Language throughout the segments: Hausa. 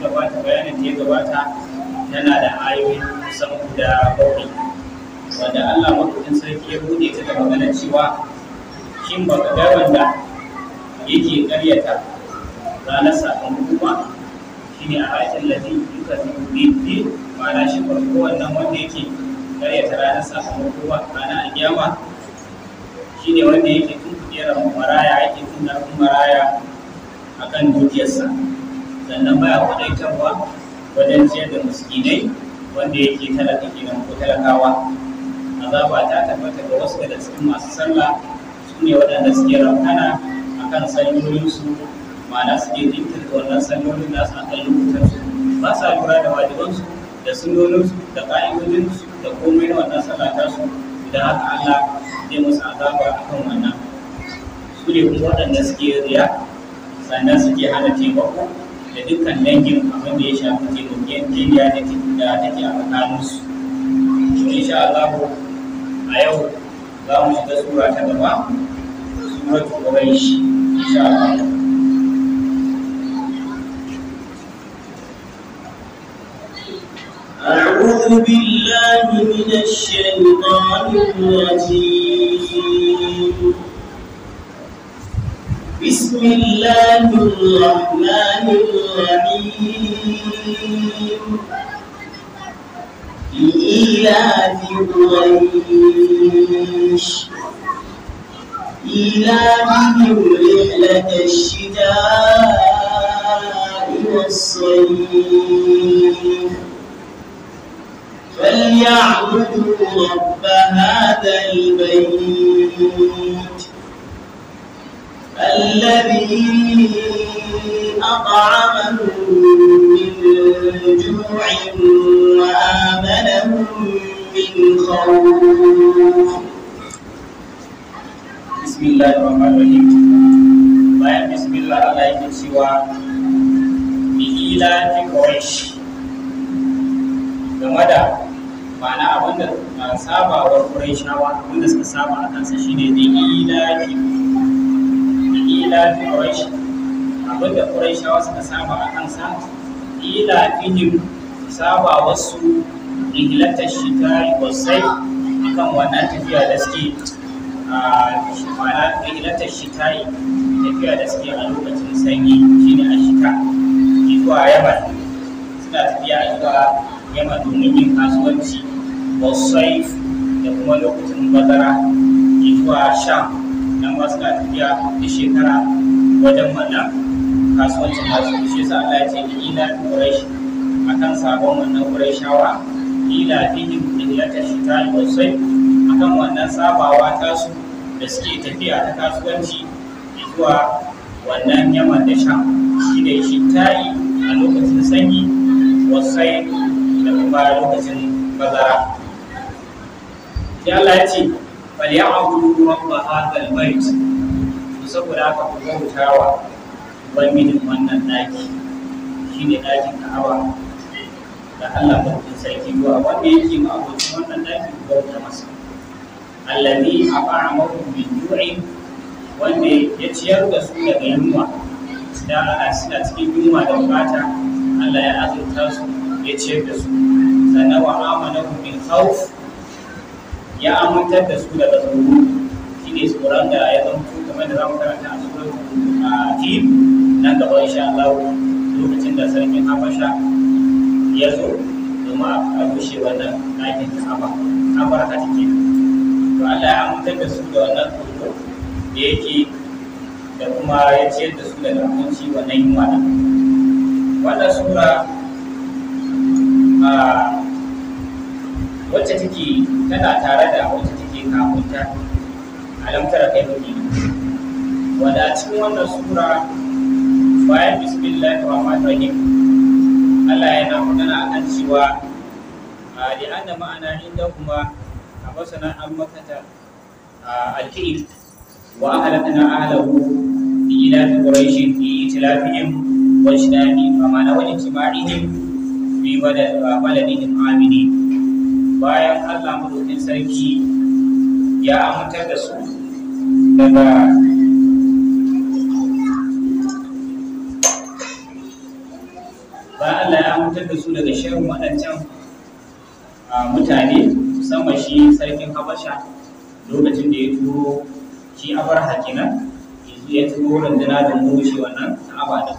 gabata bayanin da ya gabata tana da ayoyin kusan guda bakwai wanda Allah mabukin sarki ya bude ta da magana cewa shin ba ka ga wanda yake karyata ranar sakamako ba shine a hatin lafi duka zubi ma'ana shi ba wannan wanda yake karyata ranar sakamako ba ma'ana a gyama shine wanda yake tun kujerar maraya yake tun maraya akan dukiyarsa sannan baya kwadaitarwa wajen ciyar da muskinai wanda yake talaka kenan ko talakawa azaba ta tabbata ga wasu daga cikin masu sallah su ne waɗanda suke rafkana a kan sallolinsu ma'ana suke da wannan sallolin da su kan lokutansu ba sa lura da wajibansu da sunnoninsu da ƙa'idojinsu da komai na wannan sallah tasu da haka Allah zai musu azaba a kan wannan su ne kuma waɗanda suke riya sannan suke hana taimako da dukkan dangin abin da ya shafi jiriya da take a tsakaninsu insha Allah a yau za mu shiga sura ta gaba suratu shi insha Allah أعوذ بالله من الشيطان الرجيم بسم الله الرحمن الرحيم لإيلاف قريش إيلافهم رحلة الشتاء والصيف فليعبدوا رب هذا البيت الذي أطعمهم من جوع وآمنهم من خوف bismillah Allah yake cewa bi ila ma'ana abinda sabawa quraishawa abinda suka saba a kansa shine da ilafi quraish abinda quraishawa suka saba a kansa ilafihim saba wasu rihilatar shitari wasai akan wannan tafiya da suke ma'ana rihilatar shitari tafiya da suke a lokacin sanyi shine a shita zuwa yaman suna tafiya zuwa yaman domin yin kasuwanci wasai da kuma lokacin bazara zuwa sham yan ba suna tafiya da shekara wajen wannan kasuwancin nasu shi sa Allah ya ce ila quraish akan sabon wannan qurayshawa ila fihim illata yi wa sai akan wannan sabawa tasu da suke tafiya ta kasuwanci zuwa wannan yaman da sha, shi ta yi a lokacin sanyi wasai da kuma lokacin bazara sai Allah ya ce falyabudu rabba hadal bait to saboda haka ku bautawa ubangijin wannan daki shine dakin Ka'aba da Allah barkin sarki ruwa wanda yake ma abokin wannan daki ku bauta masa allazi afa'amahu min ju'in wanda ya ciyar da su daga yunwa da Allah suna cikin yunwa da bukata Allah ya azurta su ya ciyar da su sannan wa amanahu min khawf ya amintar da su daga shi ne tsoron da ya zama kamar da mu karanta a cikin a tim nan gaba insha Allah lokacin da sarkin Habasha ya zo domin a rushe wannan ɗakin Ka'aba Ka'aba ta take to Allah ya amintar da su da wannan tsoro da yake da kuma ya ciyar da su daga abinci wannan yunwa wannan sura a wacce take tana tare da wacce take kafin ta alamtara kai ne wanda a cikin wannan sura bayan bismillahir rahmanir rahim Allah yana magana akan cewa a da anna ma'ana inda kuma a masana an makata alki'il wa ahlakna ahlahu fi ilafi quraish fi itlafihim wa shinami fa ma'ana wani jima'i bi waladihim aminin bayan Allah madaukin sarki ya amintar da su daga bayan Allah ya amintar da su daga shirin waɗancan mutane musamman shi sarkin Habasha lokacin da ya turo shi Abarha kenan yanzu ya turo rundunar da mushe wannan ta'aba da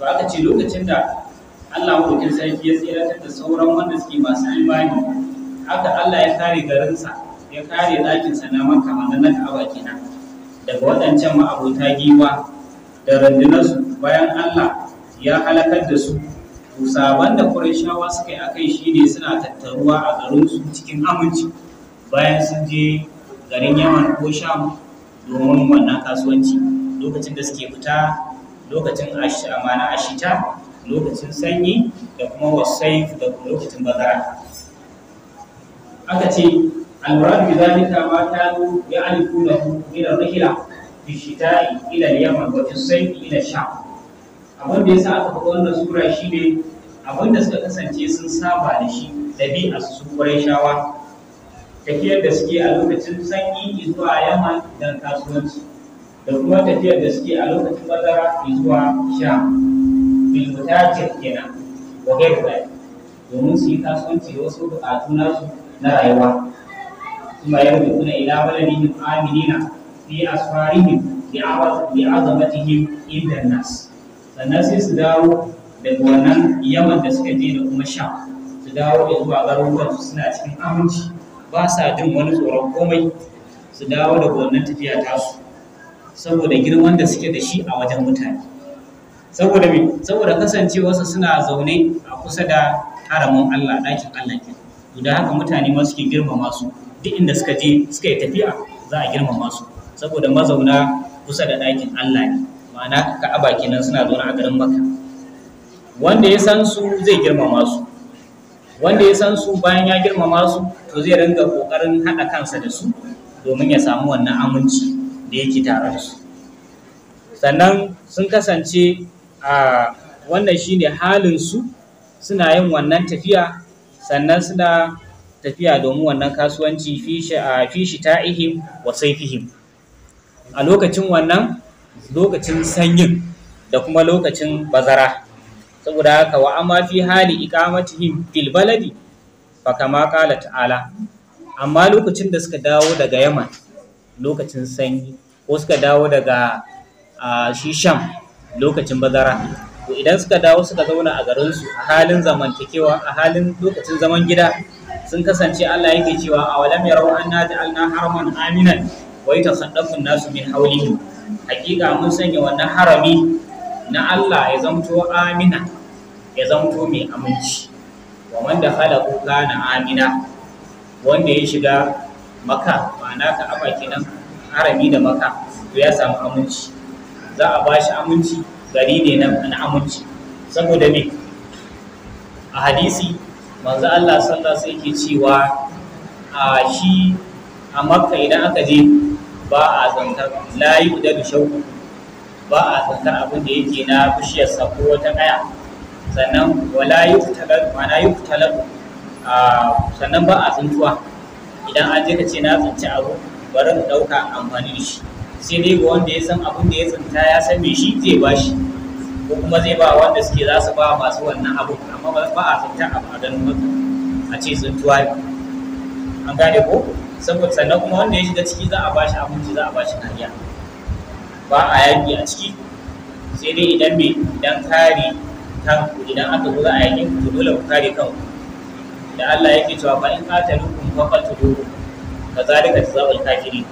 to aka ce lokacin da Allah madaukin sarki ya tsira da sauran wanda suke masu imani haka Allah ya kare garinsa ya kare ɗakinsa na maka na ka'aba kenan daga waɗancan ma'abota giwa da rundunarsu bayan Allah ya halakar da su saban da Qurayshawa suka yi akai shine suna tattaruwa a garinsu cikin aminci bayan sun je garin Yaman ko Sham domin wannan kasuwanci lokacin da suke fita lokacin amana ashita lokacin sanyi da kuma wasaif da lokacin bazara aka ce almurad bi zalika ma kanu ya'rifuna min ar-rihla bi shita'i ila al-yaman wa tisai ila sham abin da yasa aka faɗa wannan sura shine abin da suka kasance sun saba da shi dabi'a su shawa tafiyar da suke a lokacin sanyi zuwa yaman dan kasuwanci da kuma tafiyar da suke a lokacin bazara zuwa sha bil mutatir kenan wa ghayr domin su yi kasuwanci da wasu bukatu nasu na rayuwa kuma ya rubu suna ila min aminina fi asfarihim bi azamatihim inda nas sannan sai su dawo daga wannan yaman da suka je da kuma sha su dawo da zuwa garuruwan su suna cikin aminci ba sa jin wani tsoron komai su dawo da wannan tafiya tasu saboda girman da suke da shi a wajen mutane saboda me saboda kasancewarsa suna zaune a kusa da haramin Allah ɗakin Allah ke to da haka mutane ma suke girmama su duk inda suka je suka yi tafiya za a girmama su saboda mazauna kusa da ɗakin Allah ne ma'ana ka'aba kenan suna zaune a garin Makka wanda ya san su zai girmama su wanda ya san su bayan ya girmama su to zai ringa kokarin haɗa kansa da su domin ya samu wannan aminci da yake tare da su sannan sun kasance a wannan shine halin su suna yin wannan tafiya sannan suna tafiya domin wannan kasuwanci fi shita'ihim wa saifihim a lokacin wannan lokacin sanyin da kuma lokacin bazara saboda haka wa amma fi hali iqamatihim fil baladi fa kama qala ta'ala amma lokacin da suka dawo daga yaman lokacin sanyi ko suka dawo daga shisham lokacin bazara to idan suka dawo suka zauna a garinsu a halin zamantakewa a halin lokacin zaman gida sun kasance Allah yake cewa a walam yarau anna ja'alna haraman aminan wa yatasaddafu nasu min hawlihi hakika mun sanya wannan harami na Allah ya zamto amina ya zamto mai aminci wa man dakhala kana amina wanda ya shiga maka ma'ana ka aba kenan harami da maka to ya samu aminci za a bashi aminci gari ne na aminci saboda me a hadisi manzo Allah sallallahu alaihi yake cewa a shi a makka idan aka je ba a zantar layu da shauku ba a zantar abin da yake na bishiyar sa ko wata kaya sannan wala yuktalar mana yuktalar sannan ba a zantuwa idan an je ka ce na zanci abu bari mu ɗauka amfani da shi sai dai ga wanda ya san abin da ya tsinta ya san me shi zai ba shi ko kuma zai ba wanda suke za su ba masu wannan abin amma ba a tsinta abu a ganin maka a ce tsintuwa ne an gane ko saboda sannan kuma wanda ya shiga ciki za a ba shi abinci za a ba shi kariya ba a yanki a ciki sai dai idan me idan kare kanku idan aka zo za a yanki ku dole ku kare kanku da Allah yake cewa fa in qatalukum faqatuluhum ta jazaa'ul kafiri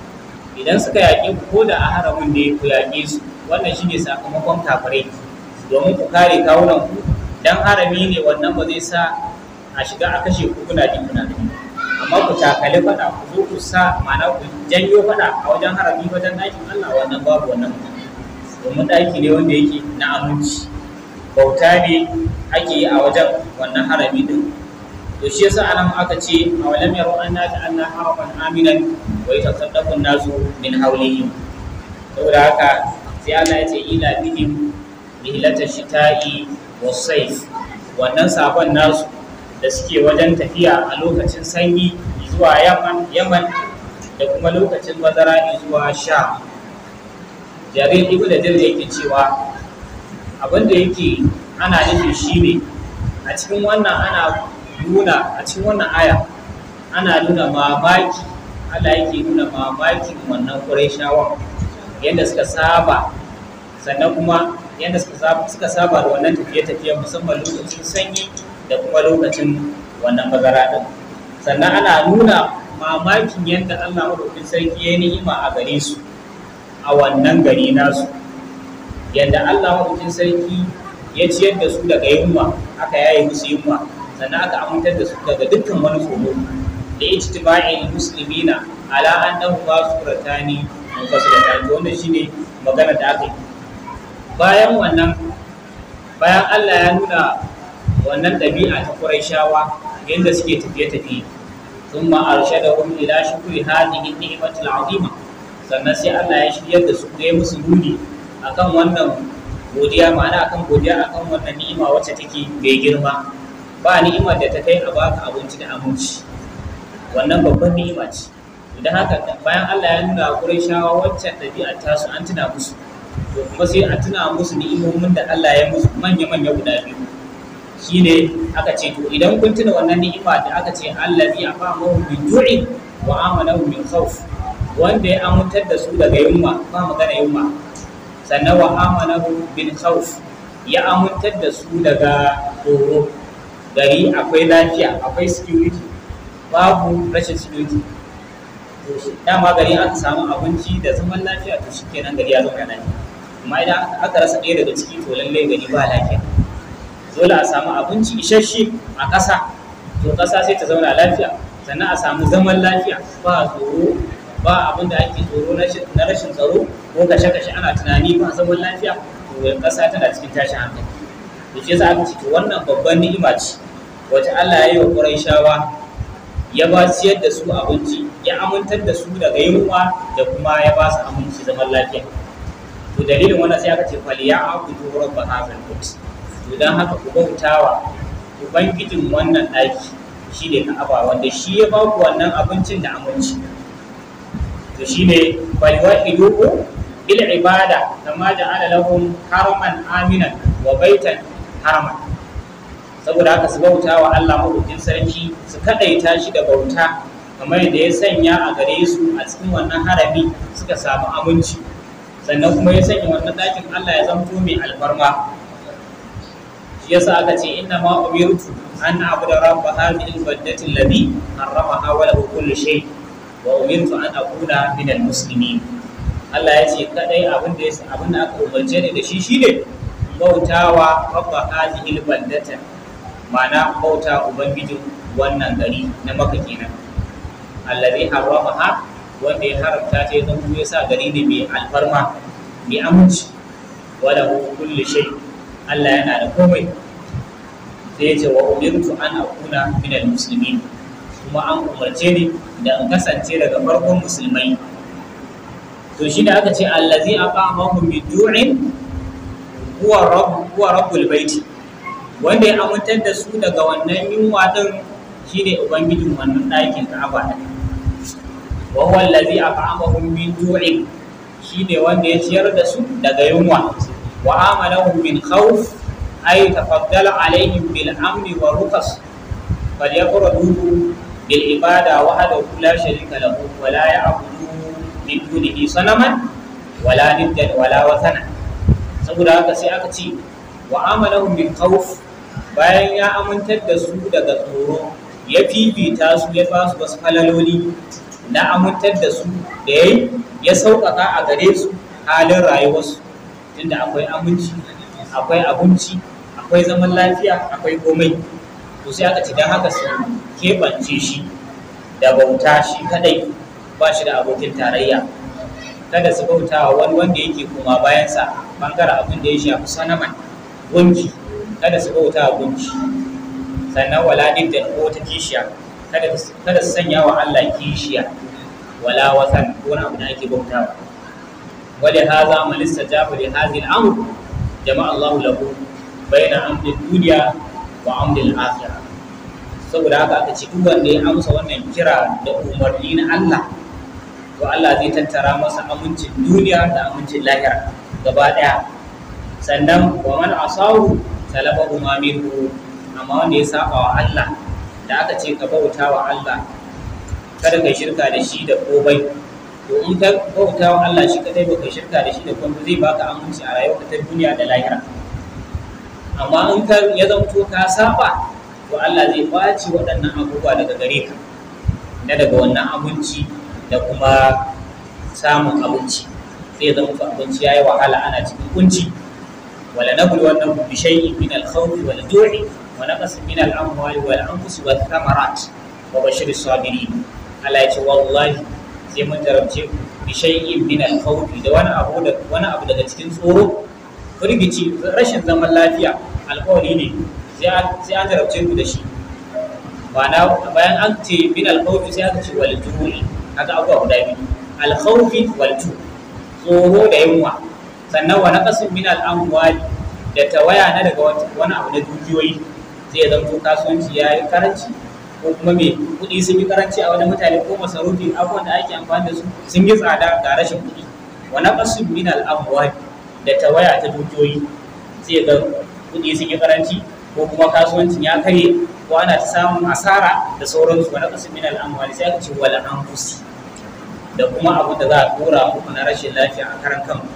idan suka yaƙe ku ko da a haramin ne ku yaƙe su wannan shine sakamakon kafirai domin ku kare kawunan ku dan harami ne wannan ba zai sa a shiga a kashe ku kuna ji kuna amma ku takali fada ku zo ku sa ma'ana ku janyo fada a wajen harami wajen ɗakin Allah wannan babu wannan domin ɗaki ne wanda yake na aminci bauta ne ake yi a wajen wannan harami din to shi yasa anan aka ce a na ta anna harafan harfan aminan wa ta an-nasu min hawlihim saboda haka sai Allah ya ce ila bihim mihlata shita'i wa sayf wannan sabon nasu da suke wajen tafiya a lokacin sanyi zuwa yaman yaman da kuma lokacin bazara zuwa sha jarin ibu da yake cewa abin yake ana nufin shi ne a cikin wannan ana nuna a cikin wannan aya ana nuna mamaki Allah yake nuna mamakin wannan Qurayshawa yadda suka saba sannan kuma yadda suka saba da wannan tafiye-tafiye musamman lokacin sanyi da kuma lokacin wannan bazara din sannan ana nuna mamakin yadda Allah madaukakin sarki ya ni'ima a gare su a wannan gari nasu yadda Allah madaukakin sarki ya ciyar da su daga yunwa aka yaye musu yunwa sannan aka amintar da su daga dukkan wani tsoro da ijtiba'in muslimina ala annahu basuratani da to wannan shine magana da aka yi bayan wannan bayan Allah ya nuna wannan ɗabi'a ta kurai shawa, yadda suke tafiye-tafiye da wani ila shukri hadhihi mata 'azima sannan sai Allah ya shiryar da su ɗaya musu nuni akan wannan godiya ma'ana akan godiya akan wannan ni'ima wacce take mai girma ba ima da ta kai a baka abinci da aminci wannan babban ni'ima ce idan haka bayan Allah ya nuna gurin shawa wacce ɗabi'a ta su an tuna musu to kuma sai a tuna musu ni'imomin da Allah ya musu manya-manya guda biyu shine aka ce to idan kun tuna wannan ni'ima da aka ce Allah allazi afamahu min du'i wa amanahu min khauf wanda ya amintar da su daga yunwa ba magana yunwa sannan wa amanahu bin khauf ya amintar da su daga tsoro gari akwai lafiya akwai security babu rashin security dama gari aka samu abinci da zaman lafiya to shi kenan gari ya zauna lafiya amma idan aka rasa ɗaya daga ciki to lallai gari ba lafiya dole a samu abinci isasshe a ƙasa to ƙasa sai ta zauna lafiya sannan a samu zaman lafiya ba tsoro ba abin da ake tsoro na rashin tsaro ko kashe-kashe ana tunani ba zaman lafiya to ƙasa tana cikin tashin hankali to shi yasa aka ce to wannan babban ni'ima ce wacce Allah ya yi wa shawa ya ba siyar da su abinci ya amintar da su daga yunwa da kuma ya ba su aminci zaman lafiya to dalilin wannan sai aka ce fal ya'budu rabb hadhal bait to dan haka ku bautawa ubangijin wannan ɗaki shi ne aba wanda shi ya ba ku wannan abincin da aminci to shi ne fal wahiduhu bil ibada kama ja'ala lahum haraman aminan wa baitan haraman saboda haka su bauta wa Allah madaukin sarki su kaɗaita shi da bauta kamar da ya sanya a gare su a cikin wannan harami suka samu aminci sannan kuma ya sanya wannan ɗakin Allah ya zamto mai alfarma shi yasa aka ce inna ma umirtu an abuda rabba hadhihi al-baddati allati harramaha wa lahu kullu shay wa umirtu an akuna min almuslimin Allah ya ce kadai abin da abin da aka umarce ni da shi shine bautawa rabba hadhihi al ma'ana bauta ubangijin wannan gari na maka kenan allazi harrama ha wanda ya haramta ta ya zama ya sa gari ne mai alfarma mai aminci wala kulli shay Allah yana da komai sai ce wa umirtu an akuna min almuslimin kuma an umarce ni da in kasance daga farkon musulmai to shi da aka ce allazi aqamahu min du'in huwa rabbul baiti wanda ya amintar da su daga wannan yunwa shi shine ubangijin wannan ɗakin ka'aba wawan wa huwa allazi at'amahum min shi shine wanda ya ciyar da su daga yunwa wa amalahum min khawf ay tafaddala alaihim bil amni wa ruqas dubu, bil ibada wahdahu la sharika lahu wa la ya'budu min dunihi sanaman wala niddan wala wasana saboda haka sai aka ce wa amalahum min khawf bayan ya amintar da su daga tsoro ya fifita su ya ba su wasu halaloli na amintar da su da ya ya sauƙaƙa a gare su halin rayuwarsu tunda akwai aminci akwai abinci akwai zaman lafiya akwai komai to sai aka ci dan haka su keɓance shi da bauta shi kadai ba shi da abokin tarayya kada su bautawa wani wanda yake koma bayansa bangaren abin da ya shafi sanaman wanki kada su bauta a gunki sannan wala diddan ko wata kishiya kada su sanya wa Allah kishiya wala wasan ko wani abu da ake bautawa wali haza malista jafa li hazil amr jama'a Allahu lahu baina da duniya wa amri da akhirah saboda haka aka ci duk wanda ya amsa wannan kira da umarni na Allah to Allah zai tattara masa amincin duniya da amincin lahira gaba ɗaya. sannan wa man asawu talaba umamihu amma wanda ya saba wa Allah da aka ce ka bauta wa Allah kada ka shirka da shi da komai to in ka bauta wa Allah shi kadai baka shirka da shi da komai zai baka aminci a rayuwa ta duniya da lahira amma in ka ya zamto ka saba to Allah zai kwace waɗannan abubuwa daga gare ka na daga wannan abinci da kuma samun abinci zai zama abinci ya yi wahala ana cikin kunci ولنبلونكم بشيء من الخوف والجوع ونقص من الأموال والأنفس والثمرات وبشر الصابرين ألا والله sai mun jarabce ku bi shay'in min al-khawf da wani abu da wani abu daga cikin tsoro firgici rashin zaman lafiya alƙawari ne sai an jarabce ku da shi ma'ana bayan an ce min al sai aka ce wal juhul kaga abuwa guda biyu al-khawf tsoro da yunwa sannan Wani naqasin min al da ta waya na daga wani abu na dukiyoyi zai zanto kasuwanci ya yi karanci ko kuma mai kuɗi sun yi karanci a wani mutane ko masarufin abubuwan da ake amfani da su sun yi tsada ga rashin kuɗi Wani naqasin min al da ta waya ta dukiyoyi zai zan kuɗi sun yi karanci ko kuma kasuwancin ya kare ko ana ta samun asara da sauransu Wani naqasin min al sai aka ce wal anfusi da kuma abu da za a tura muku na rashin lafiya a karan kanku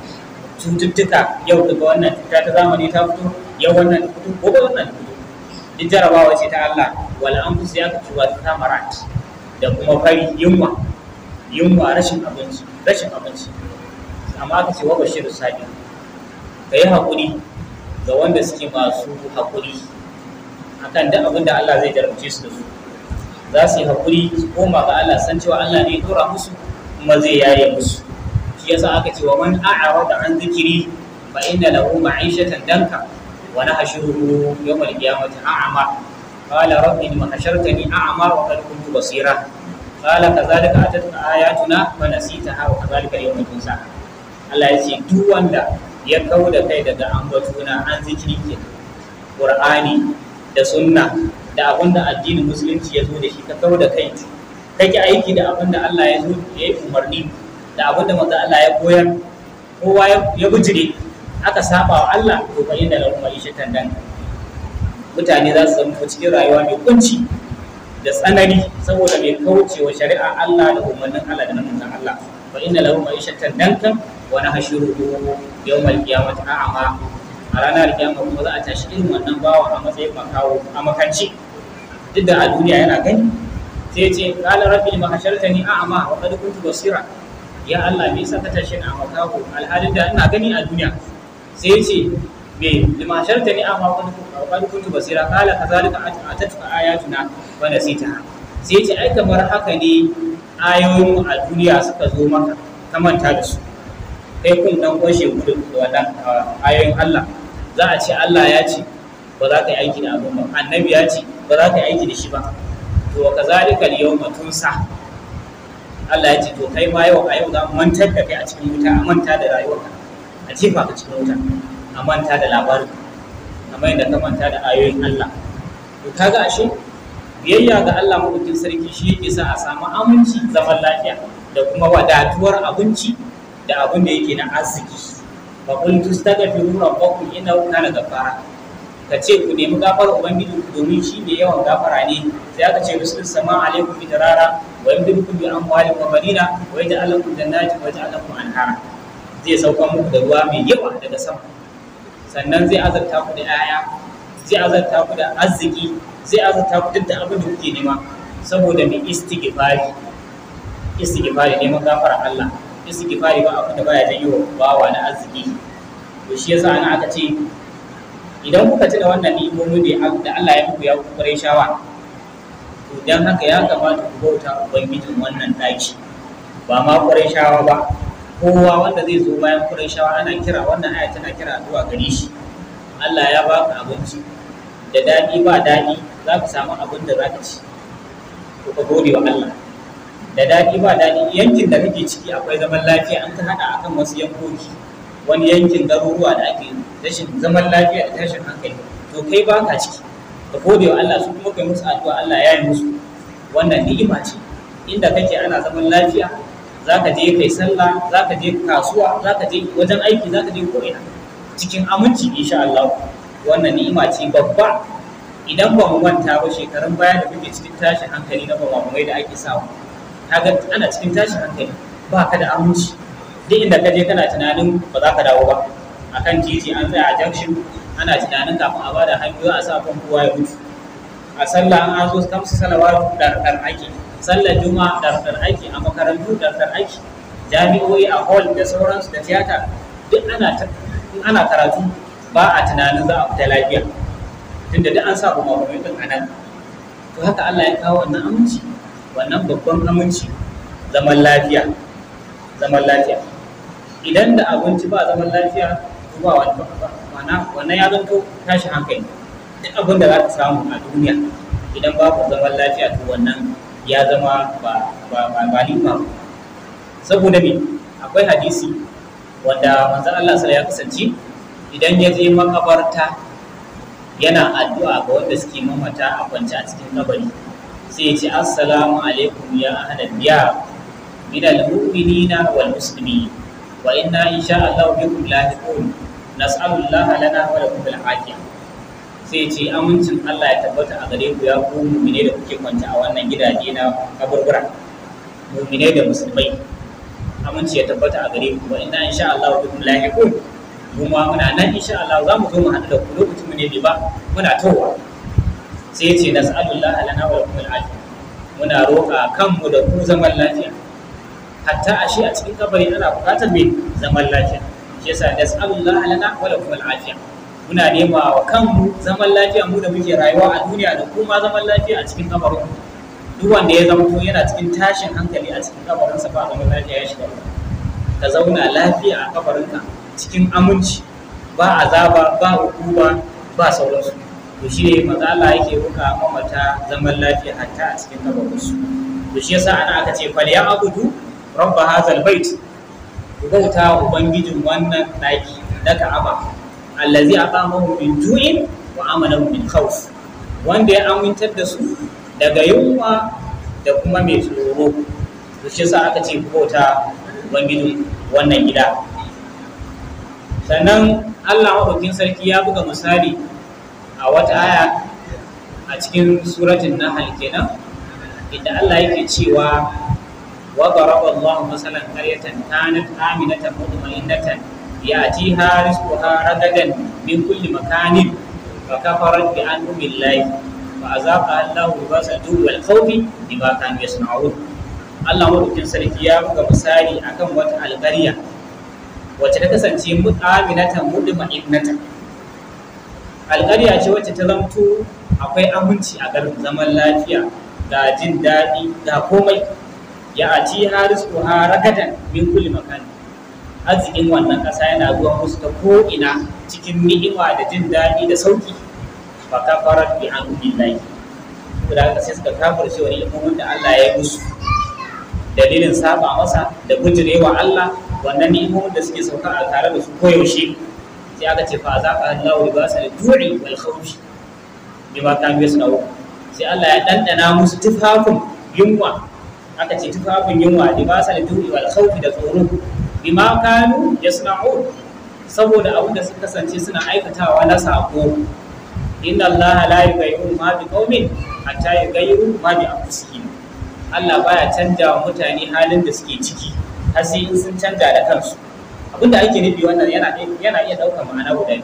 cututtuka yau daga wannan cuta ta zamani ta fito yau wannan fito gobe wannan fito duk jarabawa ce ta Allah wal anfus ya kace wa samarat da kuma fari yunwa yunwa rashin abinci rashin abinci amma aka ce wa bashir sabi kai hakuri ga wanda suke masu hakuri akan duk abin da Allah zai jarabce su da su za su yi hakuri su koma ga Allah san cewa Allah ne ya dora musu kuma zai yaye musu shi yasa aka ce wa man a'rada an zikiri fa inna lahu ma'ishatan danka wa nahshuruhu yawm al-qiyamati a'ma qala rabbi lima hashartani a'ma wa qad kuntu basira qala kadhalika atatka ayatuna wa nasitaha wa kadhalika al-yawma tunsa Allah ya ce duk wanda ya kauda kai daga ambatuna an zikiri ke Qur'ani da sunna da abinda addinin musulunci ya zo da shi ka kauda kai kake aiki da abinda Allah ya zo ya yi umarni da abin da manzo Allah ya koyar kowa ya bijire aka saba wa Allah to fa inna lahum ma'ishatan dan mutane za su zama cikin rayuwa mai kunci da tsanani saboda mai kaucewa shari'a Allah da umarnin Allah da namun Allah fa inna lahu ma'ishatan dankan wa nahshuruhu yawmal qiyamati a'ma a ranar kiyama kuma za a tashi irin wannan bawa a matsayin makawo a makanci duk da a duniya yana gani sai ce qala rabbi ma ni a'ma wa qad kuntu basira ya Allah me yasa ka tashi ni a makaho alhalin da ina gani a duniya sai ya ce me limasharta ne a makaho qad kuntu basira qala kadhalika atatuka ayatuna wa nasita sai ya ce ai kamar haka ne ayoyin a duniya suka zo maka ka manta da su kai kun dan kwashe gudu da wannan ah, ayoyin Allah za a ce Allah ya ce ba za ka yi aiki da abin ba annabi ya ce ba za ka yi aiki da shi ba to wa kazalika al-yawma tunsa Allah ya ce to kai ma yau a yau za mu mantar da kai a cikin wuta a manta da rayuwarka a jefa ka cikin wuta a manta da labarin kamar yadda ka manta da ayoyin Allah to kaga ashe biyayya ga Allah mabukin sarki shi yake sa a samu aminci zaman lafiya da kuma wadatuwar abinci da abin da yake na arziki ba kun yi na wuta na gafara ka ce ku nemi gafarar ubangiji domin shi ne yawan gafara ne sai aka ce musu sama alaikum tarara duk da an kuma ويمددكم بأموال وبنين ويجعل لكم جنات ويجعل لكم أنهارا zai sauka muku da ruwa mai yawa daga sama sannan zai azarta ku da 'ya'ya zai azarta ku da arziki zai azarta ku duk da abin da kuke nema saboda mai istighfari istighfari neman gafara Allah istighfari ba abin da baya janyo bawa na arziki to shi yasa ana aka ce idan kuka tuna wannan ni'imomi da Allah ya muku ya ku shawa to dan haka ya kamata ku bauta ubangijin wannan ɗaki ba ma shawa ba kowa wanda zai zo bayan shawa ana kira wannan aya tana kira zuwa gare shi Allah ya baka abinci da daɗi ba daɗi za ka samu abin da za ka ci ko ka gode wa Allah da daɗi ba daɗi yankin da kake ciki akwai zaman lafiya an ta haɗa akan wasu yankoki wani yankin garuruwa da ake rashin zaman lafiya da tashin hankali to kai ba ka ciki da gode wa Allah su kuma kai musu addu'a Allah ya yi musu wannan ni'ima ce inda kake ana zaman lafiya za ka je kai sallah za ka je kasuwa za ka je wajen aiki za ka je ko'ina cikin aminci insha Allah wannan ni'ima ce babba idan ba mu manta ba shekarun baya da kuke cikin tashin hankali na bamamai da ake samu kaga ana cikin tashin hankali ba ka da aminci duk inda ka je kana tunanin ba za ka dawo ba akan titi an tsaya a junction ana tunanin kafin a bada hannu a sa kowa ya mutu a sallah an zo kamsu salawatu ɗarɗar ake sallar juma'a dardar ake a makarantu dardar ake jami'o'i a hall da sauransu da tiyata duk ana ana karatu ba a tunanin za a fita lafiya tunda duk an sa kuma kwamitin a nan to haka Allah ya kawo wannan aminci wannan babban aminci zaman lafiya zaman lafiya idan da abinci ba zaman lafiya ba wani ba ma'ana wannan ya zanto tashi hankali duk abin da za ka samu a duniya idan babu zaman lafiya to wannan ya zama ba ba ba saboda me akwai hadisi wanda manzon Allah sallallahu ya kasance idan ya je makabarta yana addu'a ga wanda suke mamata a kwance a cikin kabari sai ya ce assalamu alaikum ya ahlan biya min al-mu'minina wal muslimin wa inna insha Allah bikum lahiqun nas'alullah lana wa lakum al-afiya sai ce amincin Allah ya tabbata a gare ku ya ku mu'mine da kuke kwanta a wannan gidaje na kaburbura mu'mine da musulmai aminci ya tabbata a gare ku wa inna insha Allah bikum lahiqun kuma muna nan insha Allah za mu zo mu haɗu da ku lokacin mu ne ba muna towa sai ya ce nas'alullah lana wa lakum al-afiya muna roƙa kanmu da ku zaman lafiya hatta shi a cikin kabari ana buƙatar mai zaman lafiya shi yasa nas'alullah lana wa lakum al muna nema wa kanmu zaman lafiya mu da muke rayuwa a duniya da kuma zaman lafiya a cikin kabarin duk wanda ya zama yana cikin tashin hankali a cikin kabarin sa ba zaman lafiya ya shiga ka zauna lafiya a kabarinka cikin aminci ba azaba ba hukuma ba sauransu to shi ne maza Allah yake roƙa mamata zaman lafiya hatta a cikin kabarinsu to shi yasa ana aka ce fal ya abudu rabb hadzal bait bauta ubangijin wannan ɗaki na ka'aba allazi atamahu min ju'in wa amalahu min khawf wanda ya amintar da su daga yunwa da kuma mai tsoro to shi sa aka ce bauta ubangijin wannan gida sannan Allah maɗaukin sarki ya buga misali a wata aya a cikin suratul nahal kenan inda Allah yake cewa وضرب الله مثلا قرية كانت آمنة مطمئنة يأتيها رزقها رغدا من كل مكان فكفرت بأنعم الله فأذاقها الله لباس الجوع والخوف بما كانوا يصنعون Allah maɗaukin sarki ya buga misali akan wata alƙarya wacce ta kasance aminatan mudma'innatan alƙarya ce wacce ta zamto akwai aminci a garin zaman lafiya ga jin daɗi ga komai ya aci ko ha rakatan min kulli makan arzikin wannan ƙasa yana zuwa musu ta ko'ina cikin ni'ima da jin daɗi da sauƙi ba ka fara bi an billahi saboda haka sai suka shi wani ilimin da Allah ya yi musu dalilin saba masa da bujirewa Allah wannan ni'imomin da suke sauka a tare da su koyaushe sai aka ce fa za ka Allah ba sa da dui wal khawfi bima kanu yasna'u sai Allah ya dandana musu tufafin yunwa aka ce tufafin yunwa libasal da wal khawfi da tsoro bima kanu yasma'u saboda abin da suka kasance suna aikatawa na sako inna Allah la yughayyiru ma bi qaumin hatta yughayyiru ma bi anfusihim Allah baya canja mutane halin da suke ciki har sai in sun canja da kansu abinda ake nufi wannan yana yana iya daukar ma'ana guda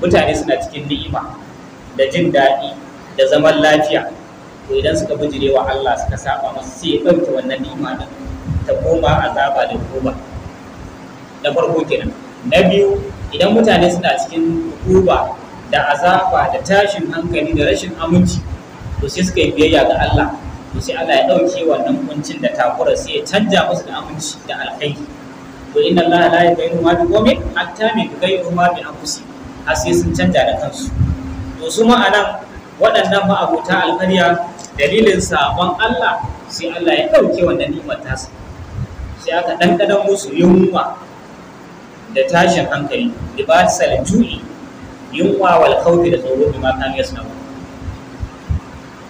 mutane suna cikin ni'ima da jin daɗi da zaman lafiya to idan suka bijire wa Allah suka saba masa sai ya ɗauke wannan ni'ima ta koma azaba da tuba na farko kenan na biyu idan mutane suna cikin kuba da azaba da tashin hankali da rashin aminci to sai suka yi biyayya ga Allah to sai Allah ya ɗauke wannan kuncin da takura sai ya canja musu da aminci da alkhairi to inna Allah la yaghayyiru ma bi qawmin hatta min yughayyiru ma bi anfusihim har sai sun canja da kansu to su ma anan waɗannan ma'abota alkarya dalilin sabon Allah sai Allah ya ɗauke wannan ni'imar tasa sai aka ɗanɗanan musu yunwa da tashin hankali libasal ju'i yunwa wal khawfi da tsoro bi ma suna yasnabu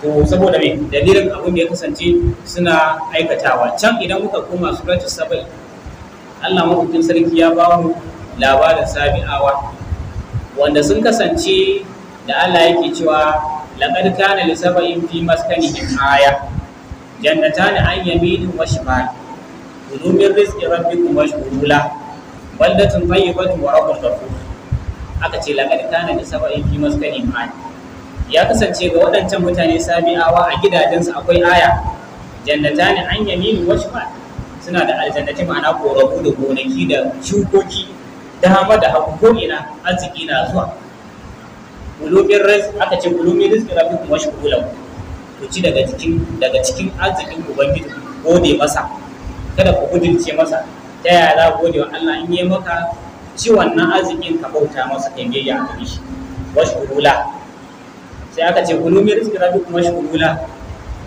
to saboda me dalilin abin da ya kasance suna aikatawa can idan muka koma suratul sabai Allah mahukumin sarki ya ba mu labarin sabi'awa wanda sun kasance da Allah yake cewa لقد كان لسبب في fi آية aya عن يمين وشمال wa من رزق ربكم واشكروا له بلدة طيبة baldatun غفور أكتي لقد كان aka ce مسكنهم آية fi aya ya kasance ga waɗancan mutane sabi'awa a gidajensu akwai aya Jannatani an yaminin wa shimal suna da aljannati ma'ana korafu da gonaki da shukoki dama da hagu ko arziki na zuwa ulubin rizq aka ce rabu kuma shi washkuru ku ci daga cikin daga cikin arzikin ubangiji ku gode masa kada ku gudunce masa ta yaya za ku gode wa Allah in yi maka ci wannan arzikin ka bauta masa kan biyayya a gare shi kula sai aka ce ulubin rizq rabbikum washkuru lahu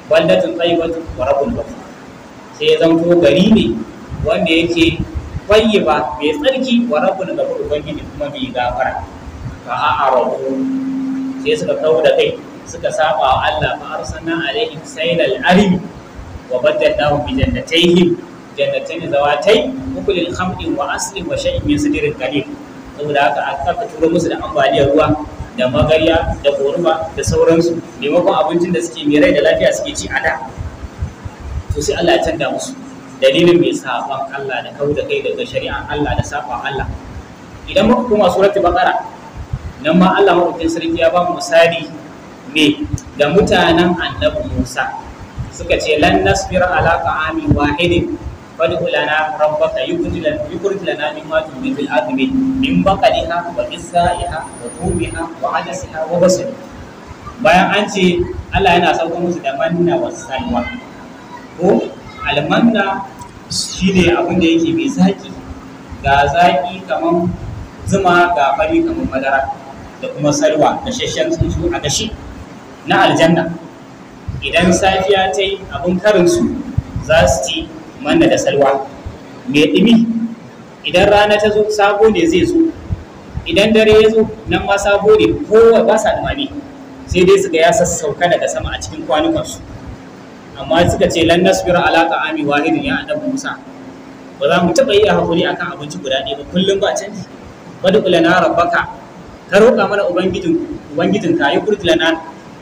baldatun tsayibatun wa rabun ba sai ya zanto gari ne wanda yake tsayiba mai tsarki wa rabbul ghafur ubangiji kuma bai gafara fa a'rabu sai suka kawo da kai suka saba wa Allah fa arsalna alaihim saylal arim wa baddalnahum bi jannatayhim jannatayn zawatai ukulil khamrin wa aslin wa shay'in min sidirin qalil saboda haka aka turo musu da ambaliyar ruwa da magarya da koruma da sauransu maimakon abincin da suke mai rai da lafiya suke ci a da to sai Allah ya canza musu dalilin mai saban Allah da kau da kai daga shari'a, Allah da saban Allah idan muka koma suratul baqara nan ma Allah maɗaukin sarki ya ba mu misali ne da mutanen annabi Musa suka ce lan nasbir ala ta'amin wahidin fad'u lana rabbaka yukhrij lana ma tunbitu al-ardh min baqaliha wa qissaiha wa tumiha wa adasiha wa basri bayan an ce Allah yana sauko musu da manna wa salwa ko almanna shine abin da yake mai zaki ga zaki kaman zuma ga fari kaman madara da kuma sarwa gashashen tsuntsu a gashi na aljanna idan safiya ta yi abin karinsu za su ci manna da salwa mai ɗumi idan rana ta zo sabo ne zai zo idan dare ya zo nan ma sabo ne kowa ba sa dumami sai dai suka ya sassauka daga sama a cikin kwanukansu amma suka ce lan nasbiru ala ta'ami wahidin ya annabi Musa ba za mu taɓa yi hakuri akan abinci guda ɗaya ba kullum ba canji wadda kula na rabbaka ka roƙa mana ubangijin ubangijin ka yi kurtilana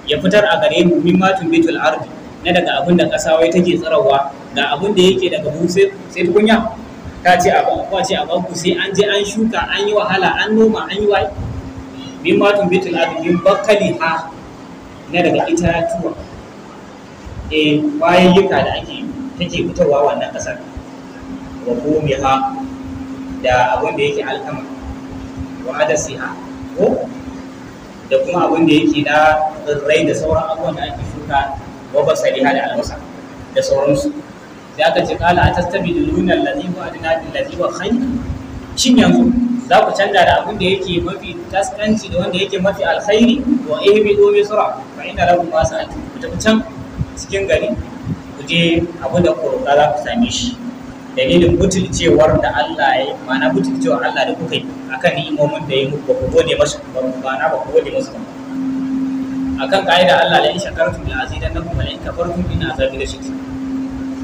ya fitar a gare mu min matun bitul ardi na daga abin da ƙasa wai take tsarawa ga abin da yake daga mu sai tukunya ta ce a ba ce a banku sai an je an shuka an yi wahala an noma an yi wai min matun bitul ardi min bakali ha na daga itatuwa eh yuka da ake take fitarwa wannan ƙasar wa ha da abin da yake alkama wa adasiha ko da kuma abin da yake na tsirrai da sauran abubuwan da ake shuka wa basari da albasa da sauransu sai aka ce kala a tattabi da nuna lazibu a dinadin lazibu khani shin yanzu za ku canza da abin da yake mafi taskanci da wanda yake mafi alkhairi wa bi domi sura fa ina lakum ma sa'atu ku tafi can cikin gari ku je abin da ku za ku same shi dalilin butulcewar da Allah ya yi ma'ana butulcewar Allah da kuka yi akan ni'imomin da ya muku ba ku gode masu ba ku ma'ana ba ku gode masu ba akan ka'ida Allah la in shakartum la azidannakum wa la in kafartum in azabi lashadid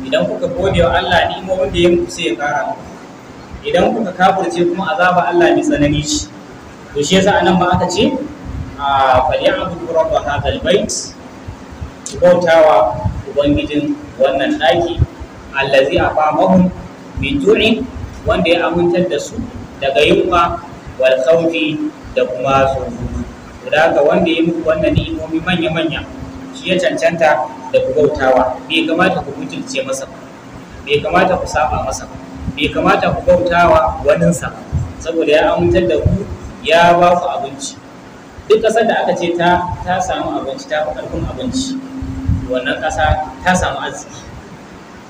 idan kuka gode wa Allah ni'imomin da ya muku sai ya kara idan kuka kafurce kuma azaba Allah mai tsanani shi. to shi yasa anan ba aka ce a ah, falyabudu rabb hadha albayt bautawa ubangijin wannan daki allazi aqamahum min ju'in wanda ya amintar da su daga yunwa wal khawfi da kuma tsoro da ga wanda ya muku wannan ni'imomi manya manya shi ya cancanta da ku bautawa bai kamata ku mutunce masa bai kamata ku saba masa bai kamata ku bautawa sa saboda ya amintar da ku ya ba ku abinci duk ƙasar da aka ce ta samu abinci ta fi ƙarfin abinci wannan ƙasa ta samu arziki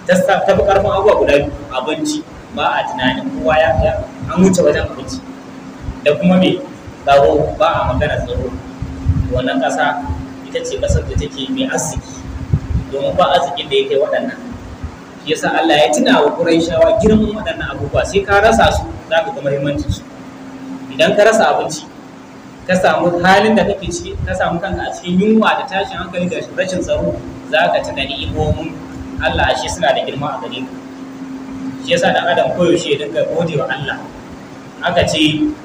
ta fi karfin abubuwa guda biyu abinci ba a tunanin kowa ya fiya an wuce wajen abinci da kuma mai tsaro ba a magana tsaro wannan ƙasa ita ce ƙasar da take mai arziki domin ba arzikin da ya kai waɗannan shi yasa Allah ya tuna wa Qurayshawa girman waɗannan abubuwa sai ka rasa su za ka ga muhimmancin su idan ka rasa abinci ka samu halin da kake ciki ka samu kanka a cikin yunwa da tashin hankali da rashin tsaro za ka tuna ni'imomin Allah shi suna da girma a gare ka shi yasa da adam koyaushe dinga gode wa Allah aka ce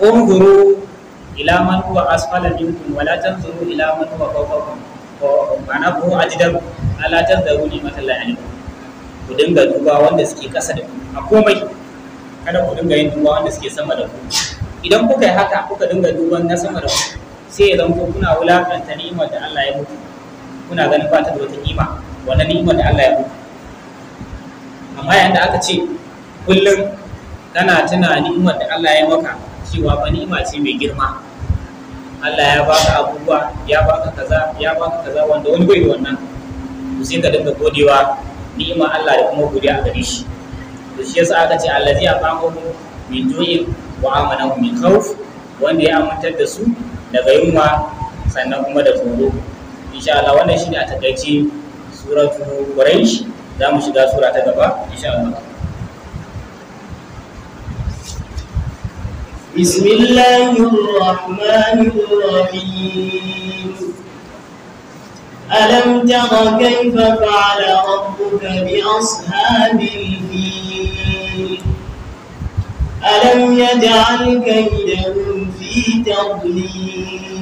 unguru ila man huwa asfala minkum wa la tanzuru ila man huwa fawqakum ma'ana ko ajdar ala tanzuru ni matalla alaikum ku dinga duba wanda suke kasa da ku a komai kada ku dinga yin duba wanda suke sama da ku idan kuka yi haka kuka dinga duban na sama da ku sai ya zanto kuna wulakanta ni'imar da Allah ya muku kuna ganin ba ta da wata ni'ima wannan ni'imar da Allah ya muku amma yadda da aka ce kullum tana tuna ni'imar da Allah ya maka cewa ba ni'ima ce mai girma Allah ya baka abubuwa ya baka kaza ya baka kaza wanda wani bai da wannan to sai ka dinga godewa ni'imar Allah da kuma godiya a gare shi to shi yasa aka ce allazi mu min ju'in wa mu min khauf wanda ya amintar da su daga yunwa sannan kuma da tsoro insha Allah wannan shine a takaice suratul quraish za mu shiga sura ta gaba insha Allah بسم الله الرحمن الرحيم ألم تر كيف فعل ربك بأصحاب الفيل ألم يجعل كيدهم في تضليل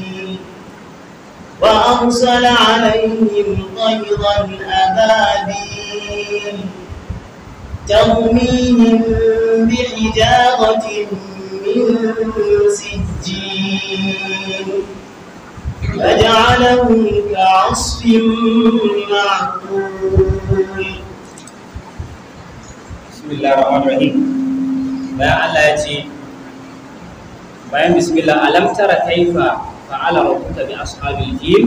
وأرسل عليهم طيرا أبابيل ترميهم بحجارة من سجين فجعلهم كعصف معقول بسم الله الرحمن الرحيم ما علاجي ما بسم الله ألم ترى كيف fa'ala rabbuka bi ashabil fil